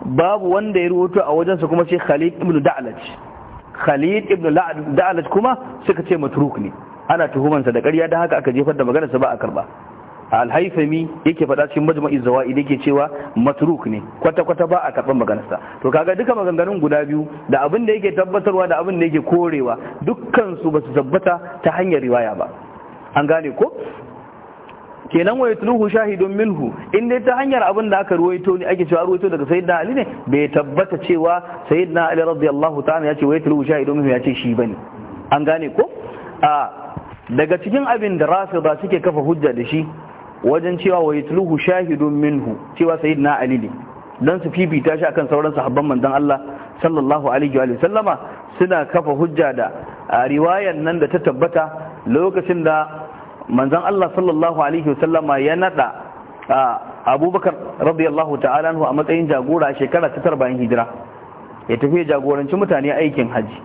babu wanda ya rubuta a wajensa kuma sai Khalid ibn Da'laj khalid ibn da'alat kuma suka ce matruk ne ana tuhumansa da ƙarya da haka aka jefar da maganarsa ba a karba alhaifami yake faɗa cikin majma'i zawa'i da yake cewa matruk ne kwata-kwata ba a karɓar maganarsa to kaga duka maganganun guda biyu da abin da yake tabbatarwa da abin da yake korewa dukkansu su ba su tabbata ta hanyar riwaya ba an gane ko kenan wa yatluhu shahidun minhu in dai ta hanyar abin da aka ruwaito ne ake cewa ruwaito daga sayyidina ali ne bai tabbata cewa sayyidina ali radiyallahu ta'ala ya ce wa yatluhu shahidun minhu ya ce shi bane an gane ko a daga cikin abin da rafida suke kafa hujja da shi wajen cewa wa yatluhu shahidun minhu cewa sayyidina ali ne dan su fifita shi akan sauran sahabban manzon Allah sallallahu alaihi wa sallama suna kafa hujja da riwayar nan da ta tabbata lokacin da manzon Allah sallallahu alaihi wasallama ya nada abubakar radiyallahu ta'ala a matsayin jagora shekara ta tara bayan hijira ya tafi jagoranci mutane aikin haji.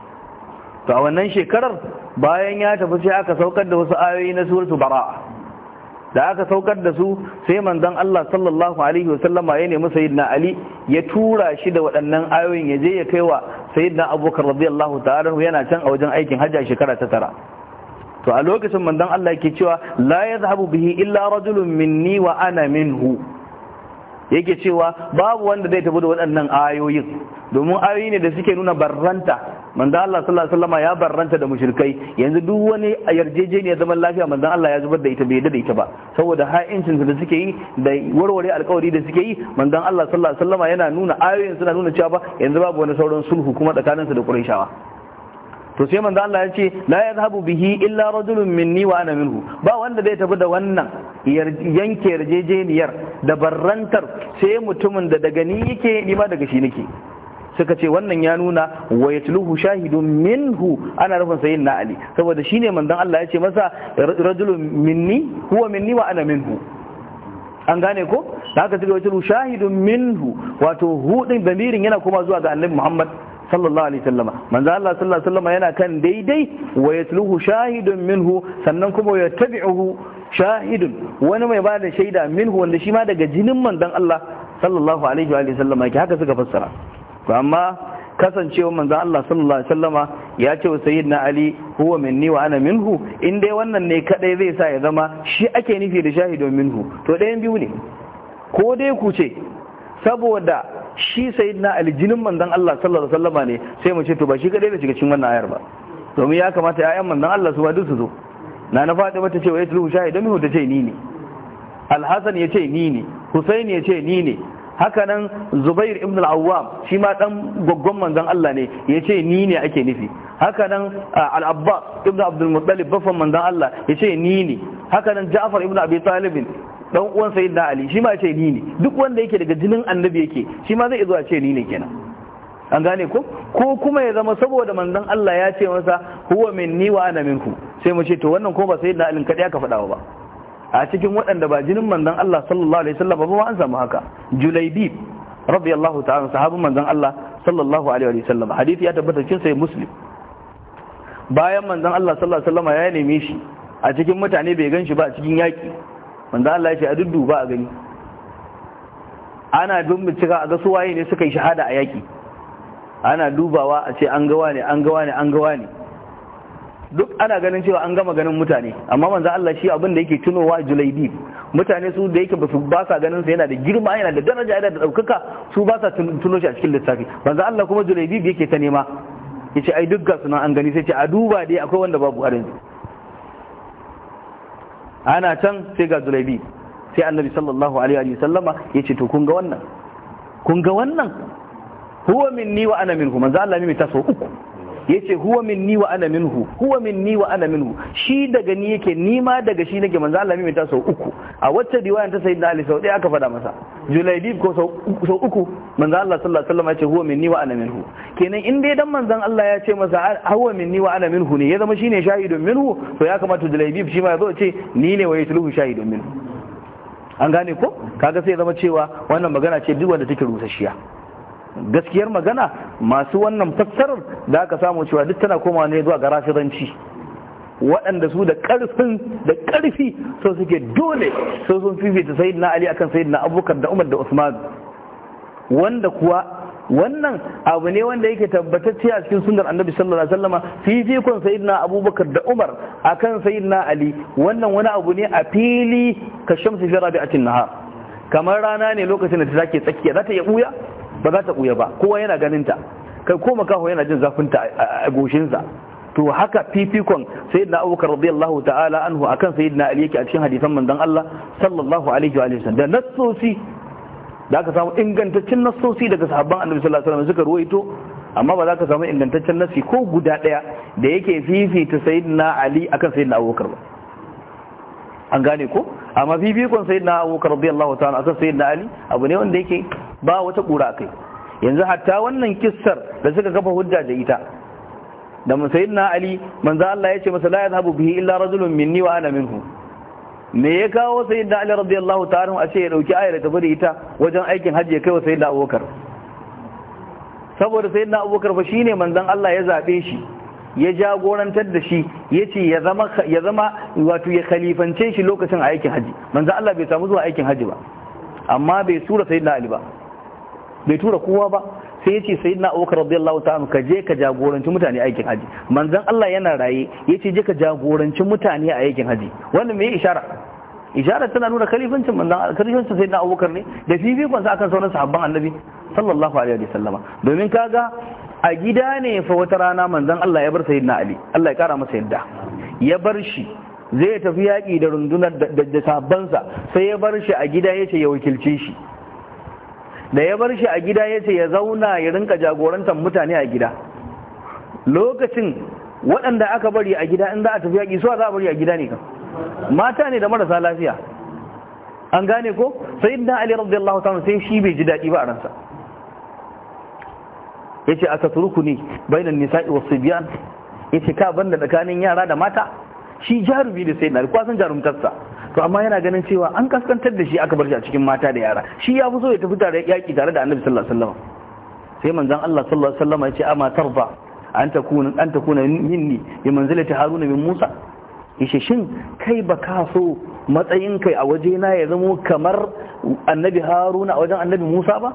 to a wannan shekarar bayan ya tafi sai aka saukar da wasu ayoyi na suratul bara da aka saukar da su sai manzon Allah sallallahu alaihi wasallama ya nemi sayyidina ali ya tura shi da waɗannan ayoyin ya je ya kaiwa sayyidina abubakar radiyallahu ta'ala yana can a wajen aikin haji a shekara ta tara to a lokacin mandan Allah yake cewa la yadhhabu bihi illa rajulun minni wa ana minhu yake cewa babu wanda zai tafi da waɗannan ayoyin domin ayoyi ne da suke nuna barranta manzon Allah sallallahu alaihi wasallam ya barranta da mushrikai yanzu duk wani yarjejeniyar zaman lafiya manzon Allah ya zubar da ita bai da ita ba saboda ha'incin da suke yi da warware alkawari da suke yi manzon Allah sallallahu alaihi wasallam yana nuna ayoyin suna nuna cewa ba yanzu babu wani sauran sulhu kuma tsakaninsu da Qurayshawa to sai manzo Allah ya ce la yadhhabu bihi illa rajulun minni wa ana minhu ba wanda zai tafi da wannan yanke yarjejeniyar da barrantar sai mutumin da daga ni yake ni ma daga shi nake suka ce wannan ya nuna wa yatluhu shahidun minhu ana rufin sayin na ali saboda shine manzon Allah ya ce masa rajulun minni huwa minni wa ana minhu an gane ko da haka shahidun minhu wato hudin damirin yana kuma zuwa ga annabi Muhammad sallallahu alaihi wasallama manzo Allah sallallahu alaihi yana kan daidai wa yatluhu shahidun minhu sannan kuma ya tabi'uhu shahidun wani mai bada shaida minhu wanda shi ma daga jinin manzon Allah sallallahu alaihi wa sallama yake haka suka fassara to amma kasancewa manzo Allah sallallahu alaihi ya ce wa sayyidina Ali huwa minni wa ana minhu in dai wannan ne kadai zai sa ya zama shi ake nufi da shahidun minhu to ɗayan biyu ne ko dai ku ce saboda shi sai na jinin manzan Allah sallallahu alaihi wasallama ne sai mu ce to ba shi kadai da cikin wannan ayar ba domin ya kamata ƴaƴan manzan Allah su ba duk su zo na na mata cewa ce wa yatlu shahidan mu ta ce ni ne al ya ce ni ne Husaini ya ce ni ne haka nan Zubair ibn al-Awwam shi ma dan goggon manzan Allah ne ya ce ni ne ake nufi haka nan Al-Abbas ibn Abdul Muttalib baffan manzan Allah ya ce ni ne haka nan Ja'far ibn Abi Talib dan uwan sayyidina ali shi ma ce ni ne duk wanda yake daga jinin annabi yake shi ma zai zuwa ce ni ne kenan an gane ko ko kuma ya zama saboda manzon Allah ya ce masa huwa minni wa ana minku sai mu ce to wannan ko ba sayyidina ali kadai aka faɗa ba a cikin waɗanda ba jinin manzon Allah sallallahu alaihi wasallam ba an samu haka julaybib radiyallahu ta'ala sahabban manzon Allah sallallahu alaihi wasallam hadisi ya tabbata cikin sai muslim bayan manzon Allah sallallahu alaihi wasallam ya neme shi a cikin mutane bai gan shi ba a cikin yaki wanda Allah ya ce a dudduba a gani ana bincika a ga su waye ne suka yi shahada a yaki ana dubawa a ce an gawa ne an gawa ne an gawa ne duk ana ganin cewa an gama ganin mutane amma manzo Allah shi abin da yake tunowa Julaidi mutane su da yake basu ba sa ganin sa yana da girma yana da daraja yana da daukaka su ba sa tuno shi a cikin littafi manzo Allah kuma Julaidi yake ta nema yace ai duk ga sunan an gani sai ce a duba dai akwai wanda babu a ana can sai ga zulabi sai annabi sallallahu alaihi wa sallama ya ce to kun ga wannan kun ga wannan huwa minni wa ana minhu manzo Allah mai taso uku yace huwa minni wa ana minhu huwa minni wa ana minhu shi daga ni yake ni ma daga shi nake manzo Allah mai ta sau uku a wacce riwaya ta sayyidina Ali sau ɗaya aka faɗa masa julaidib ko sau uku manzo Allah sallallahu alaihi wasallam yace huwa minni wa ana minhu kenan in dai dan manzon Allah ya ce masa huwa minni wa ana minhu ne ya zama shine shahidun minhu to ya kamata julaidib shi ma ya zo ce ni ne wa yatluhu shahidun minhu an gane ko kaga sai ya zama cewa wannan magana ce duk wanda take rusashiya gaskiyar magana masu wannan fassarar da aka samu cewa duk tana komawa ne zuwa ga rafiranci. waɗanda su da ƙarfin da ƙarfi so suke dole so sun fifita sayyidina ali akan sayyidina abubakar da umar da usman wanda kuwa wannan abu ne wanda yake tabbatar a cikin sunnar annabi sallallahu alaihi wasallama fifikon sayyidina abubakar da umar akan sayyidina ali wannan wani abu ne a fili ka shamsu fi rabi'atin nahar kamar rana ne lokacin da ta take tsakiya za ta iya buya ba za ta ɓuya ba kowa yana ganin ta kai ko makaho yana jin zafin ta a goshinsa to haka fifikon sayyidina abubakar radiyallahu ta'ala anhu akan sayyidina ali yake a cikin hadisan manzon Allah sallallahu alaihi wa sallam da nassosi da aka samu ingantaccen nassosi daga sahabban annabi sallallahu alaihi wasallam suka ruwaito amma ba za ka samu ingantaccen nassi ko guda daya da yake fifita sayyidina ali akan sayyidina abubakar ba an gane ko amma fifikon sayyidina abubakar radiyallahu ta'ala akan sayyidina ali abu ne wanda yake ba wata ƙura kai yanzu hatta wannan kissar da suka kafa hujja da ita da musayidina ali manzo Allah ya ce masa la yadhhabu bihi illa rajulun minni wa ana minhu me ya kawo sayyidina ali radiyallahu ta'ala a ce ya dauki ayar tafi da ita wajen aikin hajji ya kai wa da abubakar saboda da abubakar fa shine manzon Allah ya zaɓe shi ya jagorantar da shi ya ce ya zama wato ya khalifance shi lokacin aikin hajji manzo Allah bai samu zuwa aikin hajji ba amma bai sura da Ali ba bai tura kowa ba sai yace sayyidina rabbi Allah ta ka je ka jagoranci mutane aikin haji manzon Allah yana raye yace je ka jagoranci mutane a aikin haji wannan mai ishara ishara tana nuna khalifancin manzon sai sayyidina Abubakar ne da fifikon sa akan sauran sahabban annabi sallallahu alaihi wa sallama domin kaga a gida ne fa wata rana manzon Allah ya bar sayyidina Ali Allah ya kara masa yadda ya bar shi zai tafi yaƙi da rundunar da sabansa sai ya bar shi a gida ya ce ya wakilce shi da ya bar shi a gida ya ce ya zauna ya rinka jagorantar mutane a gida lokacin waɗanda aka bari a gida in za a tafi yaƙi suwa za a bari a gida ne kan mata ne da marasa lafiya an gane ko sai na ali radiyallahu ta'ala sai shi bai ji daɗi ba a ransa yace aka turku ne bainan nisa'i was sibyan yace ka banda tsakanin yara da mata shi jarumi da sai na kwasan jarumtarsa to amma yana ganin cewa an kaskantar da shi aka bar shi a cikin mata da yara shi ya fi so ya tafi tare yaki tare da annabi sallallahu alaihi wasallam sai manzon Allah sallallahu alaihi wasallam ya ce amma tarba an takuna an takuna minni bi manzilati haruna bin musa yace shin kai ba ka so matsayin kai a waje na ya zama kamar annabi haruna a wajen annabi musa ba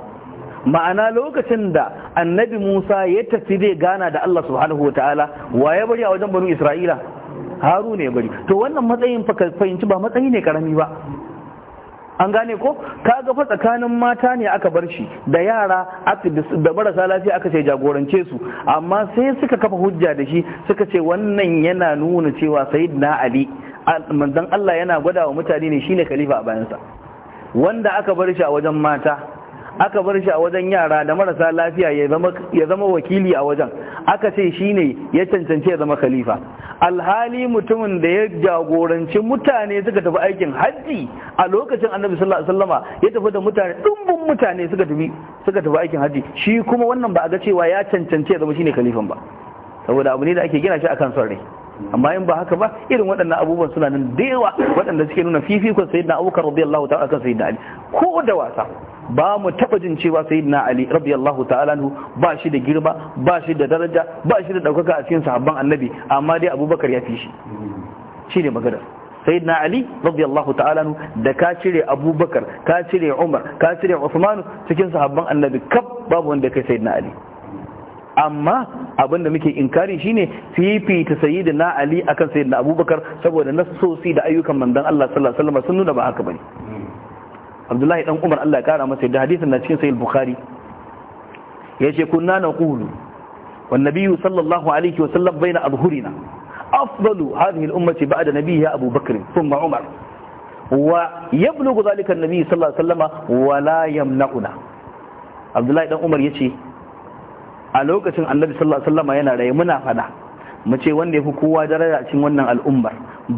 ma'ana lokacin da annabi musa ya tafi zai gana da Allah subhanahu wa ta'ala wa ya bari a wajen banu isra'ila haruna ya bari to wannan matsayin fa fahimci ba matsayi ne karami ba an gane ko ga fa tsakanin mata ne aka bar shi da yara da marasa lafiya aka ce jagorance su amma sai suka kafa hujja da shi suka ce wannan yana nuna cewa na ali manzon Allah yana gwada wa mutane ne shine khalifa a bayansa wanda aka bar shi a wajen mata aka bar shi a wajen yara da marasa lafiya ya zama wakili a wajen aka ce shi ne ya cancanci ya zama khalifa alhali mutumin da ya jagoranci mutane suka tafi aikin hajji a lokacin annabi sallallahu alaihi wasallama ya tafi da mutane dumbin mutane suka tafi suka tafi aikin hajji shi kuma wannan ba a ga cewa ya cancanci ya zama shine khalifan ba saboda abu ne da ake gina shi akan son rai amma in ba haka ba irin waɗannan abubuwan suna nan da yawa waɗanda suke nuna fifikon sayyidina abubakar radiyallahu ta'ala kan sayyidina ali ko da wasa ba mu taba jin cewa sayyidina ali radiyallahu ta'ala anhu ba shi da girma ba shi da daraja ba shi da daukaka a cikin sahabban annabi amma dai abubakar ya fi shi shine magana sayyidina ali radiyallahu ta'ala anhu da ka cire abubakar ka cire umar ka cire usman cikin sahabban annabi kaf babu wanda kai sayyidina ali amma abin da muke inkari shine fifita sayyidina ali akan sayyidina abubakar saboda nasosi da ayyukan mandan Allah sallallahu alaihi wasallam sun nuna ba haka bane abdullahi dan umar Allah ya kara masa da hadisin na cikin sahih bukhari yace kunna naqulu wan nabiyyu sallallahu alaihi wa sallam baina adhurina afdalu hadhihi al ummati ba'da nabiyha abu bakr thumma umar wa yablughu dhalika an nabiy sallallahu alaihi wa sallam wa la yamna'una abdullahi dan umar yace a lokacin annabi sallallahu alaihi wa sallam yana raye muna fada mu ce wanda ya fi kowa daraja cikin wannan al'ummar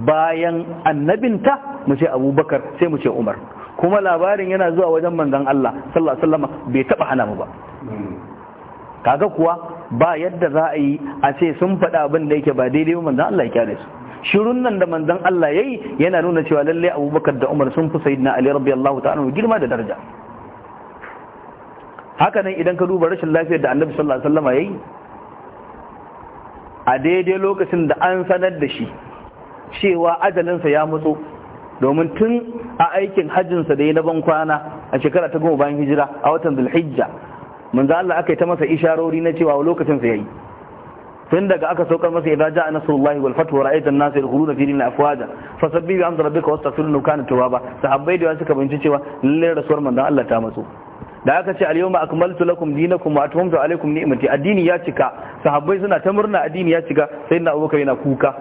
bayan annabinta mu ce abubakar sai mu ce umar kuma labarin yana zuwa wajen manzan Allah sallallahu alaihi wasallam bai taba hana mu ba kaga kuwa ba yadda za a yi a ce sun faɗa abin da yake ba daidai ba manzan Allah ya kyale su shirun nan da manzan Allah yayi yana nuna cewa lalle Abubakar da Umar sun fi sayyidina Ali radiyallahu ta'ala girma da daraja haka nan idan ka duba rashin lafiyar da Annabi sallallahu alaihi wasallam yayi a daidai lokacin da an sanar da shi cewa ajalinsa ya mutu. domin tun a aikin hajjinsa da ya na bankwana a shekara ta goma bayan hijira a watan zulhijja manzo Allah aka yi ta masa isharori na cewa lokacin sa yayi tun daga aka saukar masa idza jaa nasrullahi wal fathu wa ra'aita an-nasa yadkhuluna fi dinillahi afwaja fasabbih bi amri rabbika wastaghfir innahu kana tawwaba sahabbai da suka binci cewa lalle rasuwar manzo Allah ta matsu da aka ce al-yawma akmaltu lakum dinakum wa atmamtu alaykum ni'mati addini ya cika sahabbai suna ta murna addini ya cika sayyidina Abubakar yana kuka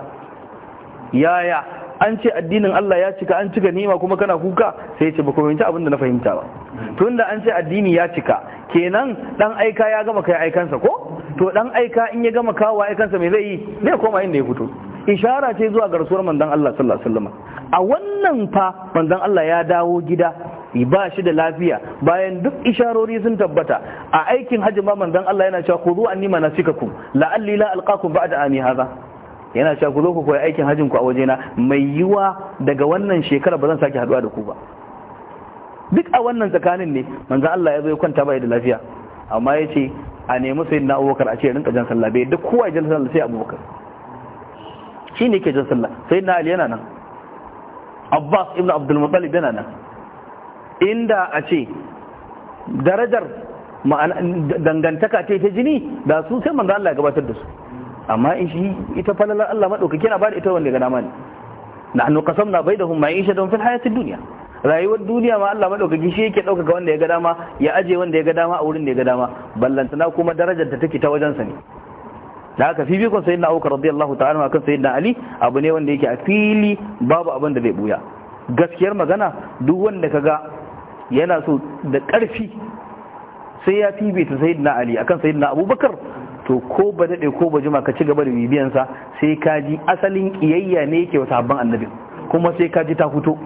yaya an ce addinin Allah ya cika an cika nima kuma kana kuka sai ya ce ba ku fahimci abin da na fahimta ba tunda an ce addini ya cika kenan dan aika ya gama kai aikansa ko to dan aika in ya gama kawo aikansa mai zai yi zai koma inda ya fito ishara ce zuwa ga rasuwar manzon Allah sallallahu alaihi wasallam a wannan fa manzon Allah ya dawo gida ba shi da lafiya bayan duk isharori sun tabbata a aikin hajji ma manzon Allah yana cewa khudhu anni manasikakum la'alli la alqakum ba'da ami hadha yana cewa ku zo ku koyi aikin hajjin ku a wajena mai yiwa daga wannan shekara ba zan sake haduwa da ku ba duk a wannan tsakanin ne manzo Allah ya zo ya kwanta bai da lafiya amma ya ce a nemi sai na abubakar a ce rinka jan sallah bai duk kowa jan sallah sai abubakar shi ne ke jan sallah sai na ali yana nan abbas ibn abdul muttalib yana nan inda a ce darajar dangantaka ce ta jini da su sai manzo Allah ya gabatar da su amma in shi ita falalar Allah madaukaki ba bada ita wanda ga dama ne nahnu qasamna bainahum ma'ishatan fil hayatid dunya rayuwar duniya ma Allah madaukaki shi yake ɗaukaka wanda ya ga dama ya aje wanda ya ga dama a wurin da ya ga dama ballantana kuma darajar ta take ta wajen sa ne da haka fi bikon sayyidina Abu Bakar radiyallahu ta'ala ma kan sayyidina Ali abu ne wanda yake a fili babu abin da zai buya gaskiyar magana duk wanda ka ga yana so da karfi sai ya fi ta sayyidina Ali akan sayyidina Abubakar to ko ba daɗe ko ba juma ka ci gaba da bibiyansa sai ka ji asalin ƙiyayya ne yake wasu habban annabi kuma sai ka ji ta fito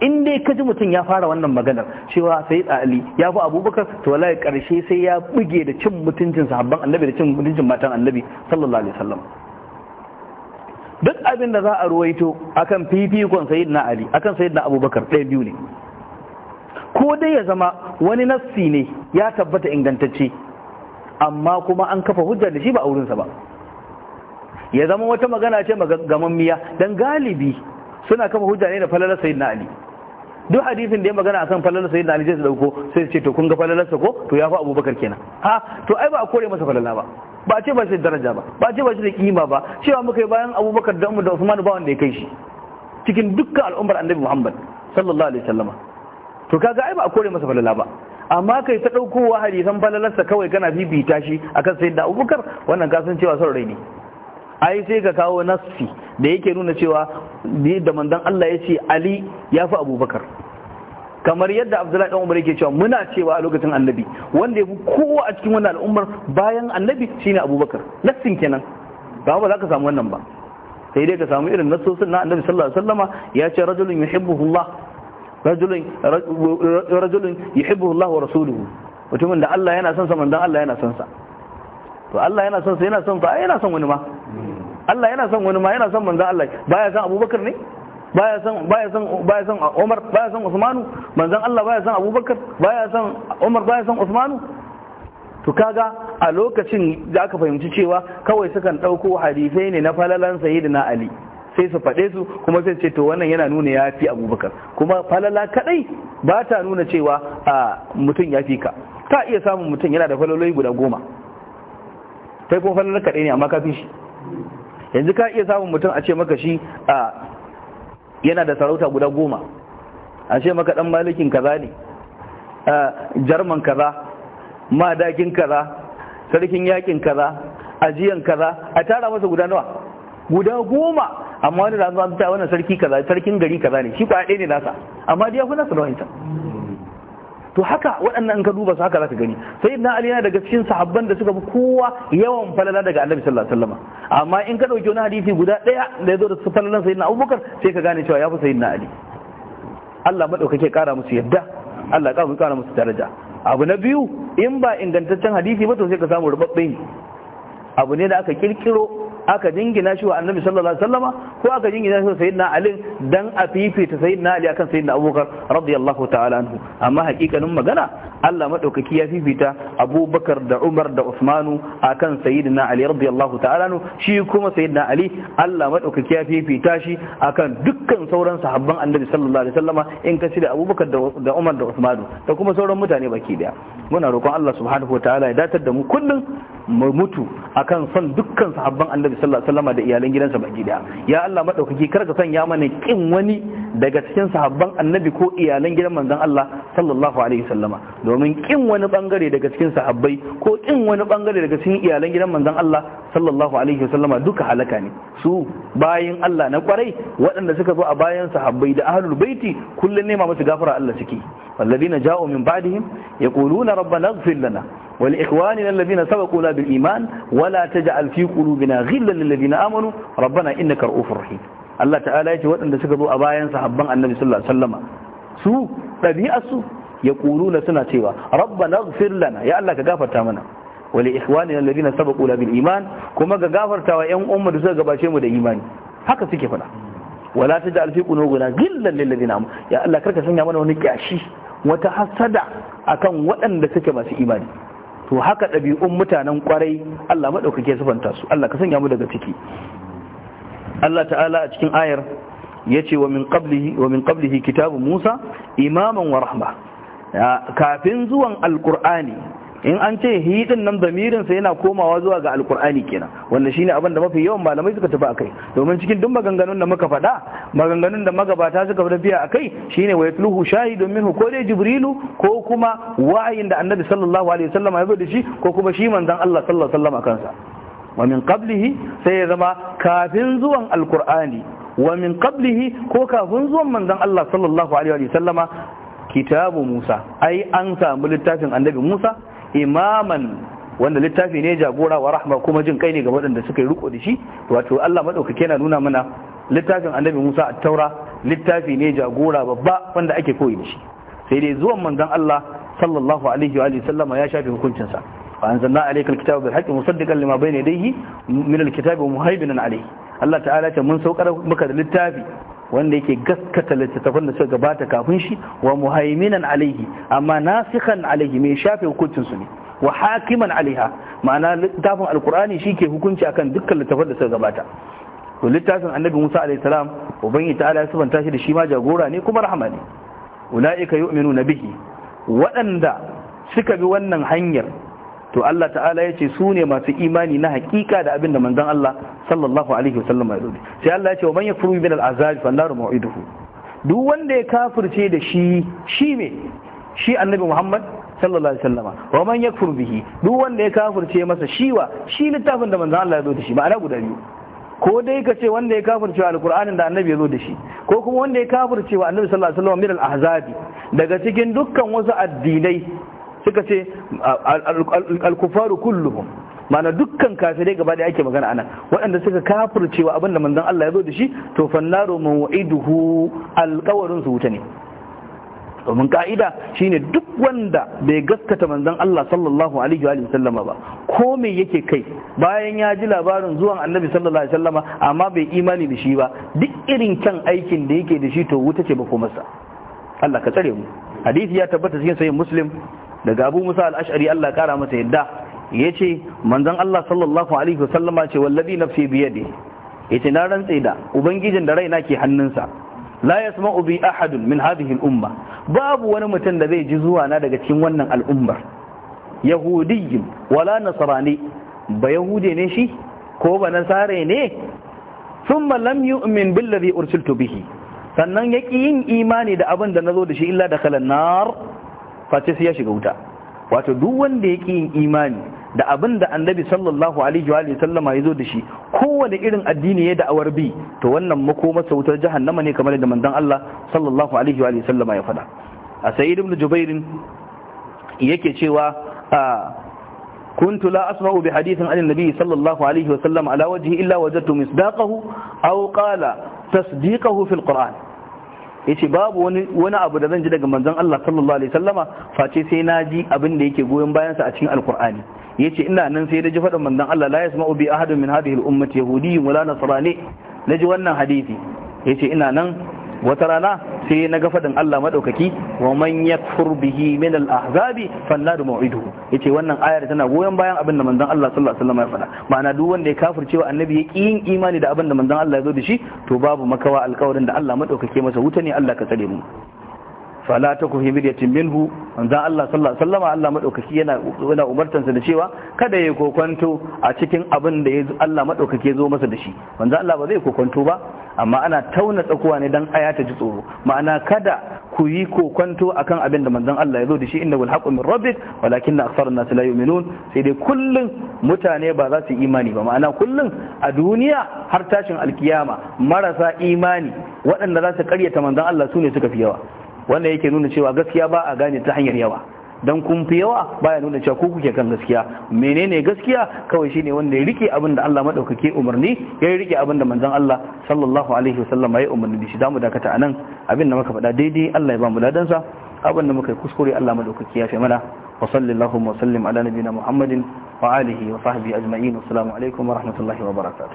in dai ka ji mutum ya fara wannan maganar cewa sai ali ya fi abubakar to wallahi karshe sai ya buge da cin mutuncin sahabban annabi da cin mutuncin matan annabi sallallahu alaihi wasallam duk abin da za a ruwaito akan fifikon sayyidina ali akan sayyidina abubakar ɗaya biyu ne ko dai ya zama wani nassi ne ya tabbata ingantacce amma kuma an kafa hujja da shi ba a wurinsa ba ya zama wata magana ce gamammiya don galibi suna kafa hujja ne da falalar sayyid na ali duk hadisin da ya magana akan falalar sayyid na ali zai su dauko sai su ce to kun ga falalarsa ko to ya fa abubakar kenan ha to ai ba a kore masa falala ba ba a ce ba shi daraja ba ba a ce ba shi da kima ba cewa muka yi bayan abubakar da umar da usman ba wanda ya kai shi cikin dukkan al'ummar annabi muhammad sallallahu alaihi wasallama to kaga ai ba a kore masa falala ba amma kai ta ɗaukowa hadisan falalarsa kawai kana bibita shi akan da abubakar wannan kasan cewa son rai ne ai sai ka kawo nassi da yake nuna cewa da mandan Allah ya ce Ali ya fi abubakar kamar yadda abdullahi dan umar yake cewa muna cewa a lokacin annabi wanda ya fi kowa a cikin wannan al'ummar bayan annabi shine abubakar nassin kenan ba ba za ka samu wannan ba sai dai ka samu irin nassosin na annabi sallallahu alaihi wasallama ya ce rajulun yuhibbuhu Allah rajulun rajulun wa rasuluhu mutumin da Allah yana son sa manzon Allah yana son sa to Allah yana son sa yana son fa yana son wani ma Allah yana son wani ma yana son manzo Allah baya son Abubakar ne baya son baya san baya san Umar baya son Usman. manzo Allah baya son Abubakar baya son Umar baya son Usman. to kaga a lokacin da aka fahimci cewa kawai sukan dauko hadisai ne na falalan sayyidina Ali sai su faɗe su kuma sai ce to wannan yana nuna ya fi abubakar kuma falala kaɗai ba ta nuna cewa a mutum ya fi ka ta iya samun mutum yana da falaloli guda goma kai kuma falala kaɗai ne amma ka fi shi yanzu ka iya samun mutum a ce maka shi a yana da sarauta guda goma a ce maka ɗan malikin kaza ne jarman kaza madakin kaza sarkin yakin kaza ajiyan kaza a tara masa guda nawa guda goma amma wani da an ta wannan sarki kaza sarkin gari kaza ne shi kwaya ɗaya ne nasa amma dai ya nasa da wancan to haka waɗannan in ka duba su haka za ka gani sai na ali daga cikin sahabban da suka fi kowa yawan falala daga annabi sallallahu alaihi wasallam amma in ka ɗauki wani hadisi guda ɗaya da ya zo da falalan na abubakar sai ka gane cewa ya fi sayyidina ali Allah madaukake kara musu yadda Allah ya kara musu daraja abu na biyu in ba ingantaccen hadisi ba to sai ka samu rubabbe abu ne da aka kirkiro aka jingina shi wa annabi sallallahu alaihi wasallama ko aka jingina shi wa sayyidina ali dan a fifita sayyidina ali akan sayyidina abubakar radiyallahu ta'ala anhu amma hakikanin magana Allah madaukaki ya fifita abubakar da umar da usmanu akan sayyidina ali radiyallahu ta'ala anhu shi kuma sayyidina ali Allah madaukaki ya fifita shi akan dukkan sauran sahabban annabi sallallahu alaihi wasallama in ka da abubakar da umar da usmanu da kuma sauran mutane baki daya muna roƙon Allah subhanahu wa ta'ala ya datar da mu kullum mu mutu akan son dukkan sahabban annabi Muhammad sallallahu alaihi wasallam da iyalan gidansa baki daya ya Allah madaukaki kar ka sanya mana kin wani daga cikin sahabban annabi ko iyalan gidan manzon Allah sallallahu alaihi wasallama domin kin wani bangare daga cikin sahabbai ko kin wani bangare daga cikin iyalan gidan manzon Allah sallallahu alaihi wasallama duka halaka ne su bayin Allah na kwarai waɗanda suka zo a bayan sahabbai da ahlul baiti kullun nema musu gafara Allah suke والذين جاءوا من بعدهم يقولون ربنا اغفر لنا ولإخواننا الذين سبقونا بالإيمان ولا تجعل في قلوبنا غلا للذين آمنوا ربنا إنك رؤوف رحيم Allah ta'ala ya ce waɗanda suka zo a bayan sahabban annabi sallallahu alaihi wasallama su ɗabi'arsu ya ƙuluna suna cewa rabbana ighfir lana ya Allah ka gafarta mana wa li ikhwanina alladhina sabaquna bil iman kuma ga gafartawa ƴan umma suka gabace mu da imani haka suke faɗa wala taj'al fi qulubina ghillan lil ladina ya Allah sanya mana wani kyashi wata hasada akan waɗanda suke masu imani to haka ɗabi'un mutanen kwarai Allah maɗaukake sufanta su Allah ka sanya mu daga ciki Allah ta'ala a cikin ayar ya ce wa min qablihi kitabun Musa imaman wa rahma kafin zuwan alkur'ani in an ce hi din nan damirin sa yana komawa zuwa ga alkur'ani kenan wannan shine abin da mafi yawan malamai suka tafi akai domin cikin duk maganganun da muka faɗa maganganun da magabata suka fi tafiya akai shine wa yatluhu shahidun minhu ko dai jibrilu ko kuma wa'ayin da annabi sallallahu alaihi wasallam ya zo da shi ko kuma shi manzon Allah sallallahu alaihi wasallam kansa wa min qablihi sai ya zama kafin zuwan alkur'ani wa min qablihi ko kafin zuwan manzon Allah sallallahu alaihi wasallama kitabu Musa ai an samu littafin annabi Musa imaman wanda littafi ne jagora wa rahma kuma jin kai ne ga waɗanda suka yi riko da shi wato Allah madaukake na nuna mana littafin annabi Musa at-Taura littafi ne jagora babba wanda ake koyi da shi sai dai zuwan manzon Allah sallallahu alaihi wa sallama ya shafi hukuncin sa fa anzalna alayka al-kitaba bil haqqi musaddiqan lima bayna yadayhi min al-kitabi wa alayhi Allah ta'ala ce mun saukar maka da littafi wanda yake gaskata littattafan da suka gabata kafin shi wa muhaiminan alaihi amma nasikhan alaihi mai shafe hukuncin su ne wa hakiman alaiha ma'ana littafin alkur'ani shi ke hukunci akan dukkan littattafan da suka gabata to littafin annabi Musa alaihi salam ubangiji ta'ala ya subanta shi da shi ma jagora ne kuma rahama ne ulaika yu'minuna bihi waɗanda suka bi wannan hanyar to Allah ta'ala ya ce su ne masu imani na hakika da abin da manzan Allah sallallahu alaihi wasallam ya rubuta sai Allah ya ce wa manya yakfuru min al'azari azab da annaru duk wanda ya kafirce da shi shi me shi annabi Muhammad sallallahu alaihi wasallama wa man yakfur bihi duk wanda ya kafirce masa shiwa shi littafin da manzan Allah ya zo da shi ma'ana guda biyu ko dai ka ce wanda ya kafirce wa alqur'anin da annabi ya zo da shi ko kuma wanda ya kafirce wa annabi sallallahu alaihi wasallam min al-ahzabi daga cikin dukkan wasu addinai suka ce al-kufaru kulluhum mana dukkan kafirai gaba da ake magana anan waɗanda suka cewa abinda manzon Allah ya zo da shi to fannaru maw'iduhu alqawarin su wuta ne domin ka'ida shine duk wanda bai gaskata manzon Allah sallallahu alaihi wa sallama ba ko me yake kai bayan ya ji labarin zuwan annabi sallallahu alaihi sallama amma bai imani da shi ba duk irin kyan aikin da yake da shi to wuta ce ba ko masa Allah ka tsare mu hadisi ya tabbata cikin sahih muslim daga abu musa al'ashari Allah kara masa yadda ya ce manzan Allah sallallahu alaihi wasallama ce wallazi nafsi biyade ya ce na rantse da ubangijin da raina ke hannunsa la yasma'u ubi ahadun min hadhihi umma babu wani mutum da zai ji zuwa na daga cikin wannan al'ummar yahudiyyin wala nasrani ba yahude ne shi ko ba nasare ne thumma lam yu'min billadhi ursiltu bihi sannan yaki yin imani da abin da zo da shi illa da kalan nar face sai ya shiga wuta wato duk wanda yake yin imani da abin da annabi sallallahu alaihi wa sallama ya zo da shi kowane irin addini ya awar bi to wannan makomarsa wutar jahannama ne kamar da manzon Allah sallallahu alaihi wa sallama ya faɗa a ibn yake cewa كنت لا أسمع بحديث عن النبي صلى الله عليه وسلم على وجهه إلا وجدت مصداقه أو قال تصديقه في القرآن yace babu wani wani abu da zan ji daga manzon Allah sallallahu alaihi wasallama face sai na ji abin da yake goyon bayan sa a cikin alqur'ani yace ina nan sai da ji faɗin manzon Allah la yasma'u bi ahadin min hadhihi al-ummati yahudiyyun wala nasrani naji wannan hadisi yace ina nan wata rana sai na ga faɗin Allah maɗaukaki wa man yakfur bihi min al-ahzabi fannadu mau'iduhu yace wannan ayar tana goyon bayan abin da manzon Allah sallallahu alaihi wasallam ya faɗa ma'ana duk wanda ya kafirce cewa annabi ya ki yin imani da abin da manzon Allah ya zo da shi to babu makawa alƙawarin da Allah maɗaukaki masa wuta ne Allah ka tsare mu fala ta kuhi miryatin minhu manzon Allah sallallahu alaihi wasallam Allah madaukaki yana yana umartansa da cewa kada ya kokonto a cikin abin da Allah madaukake ya zo masa da shi manzon Allah ba zai kokonto ba amma ana tauna tsakuwa ne dan aya ta ji tsoro ma'ana kada ku yi kokonto akan abin da manzon Allah ya zo da shi inna wal haqqu min rabbik walakin aktsar an-nas la yu'minun sai dai kullun mutane ba za su imani ba ma'ana kullun a duniya har tashin alkiyama marasa imani waɗanda za su karyata manzon Allah sune suka fi yawa wannan yake nuna cewa gaskiya ba a gane ta hanyar yawa dan kun fi yawa baya nuna cewa ku kuke kan gaskiya menene gaskiya kawai shine wanda ya rike abin da Allah madaukake umarni ya rike abin da manzon Allah sallallahu alaihi wasallam ya umarni da shi dakata anan abin da muka faɗa daidai Allah ya ba mu ladan sa abin da muka yi kuskure Allah madaukake ya fi mana wa sallallahu wa sallim ala nabiyina Muhammadin wa alihi wa sahbihi ajma'in assalamu alaikum wa rahmatullahi wa barakatuh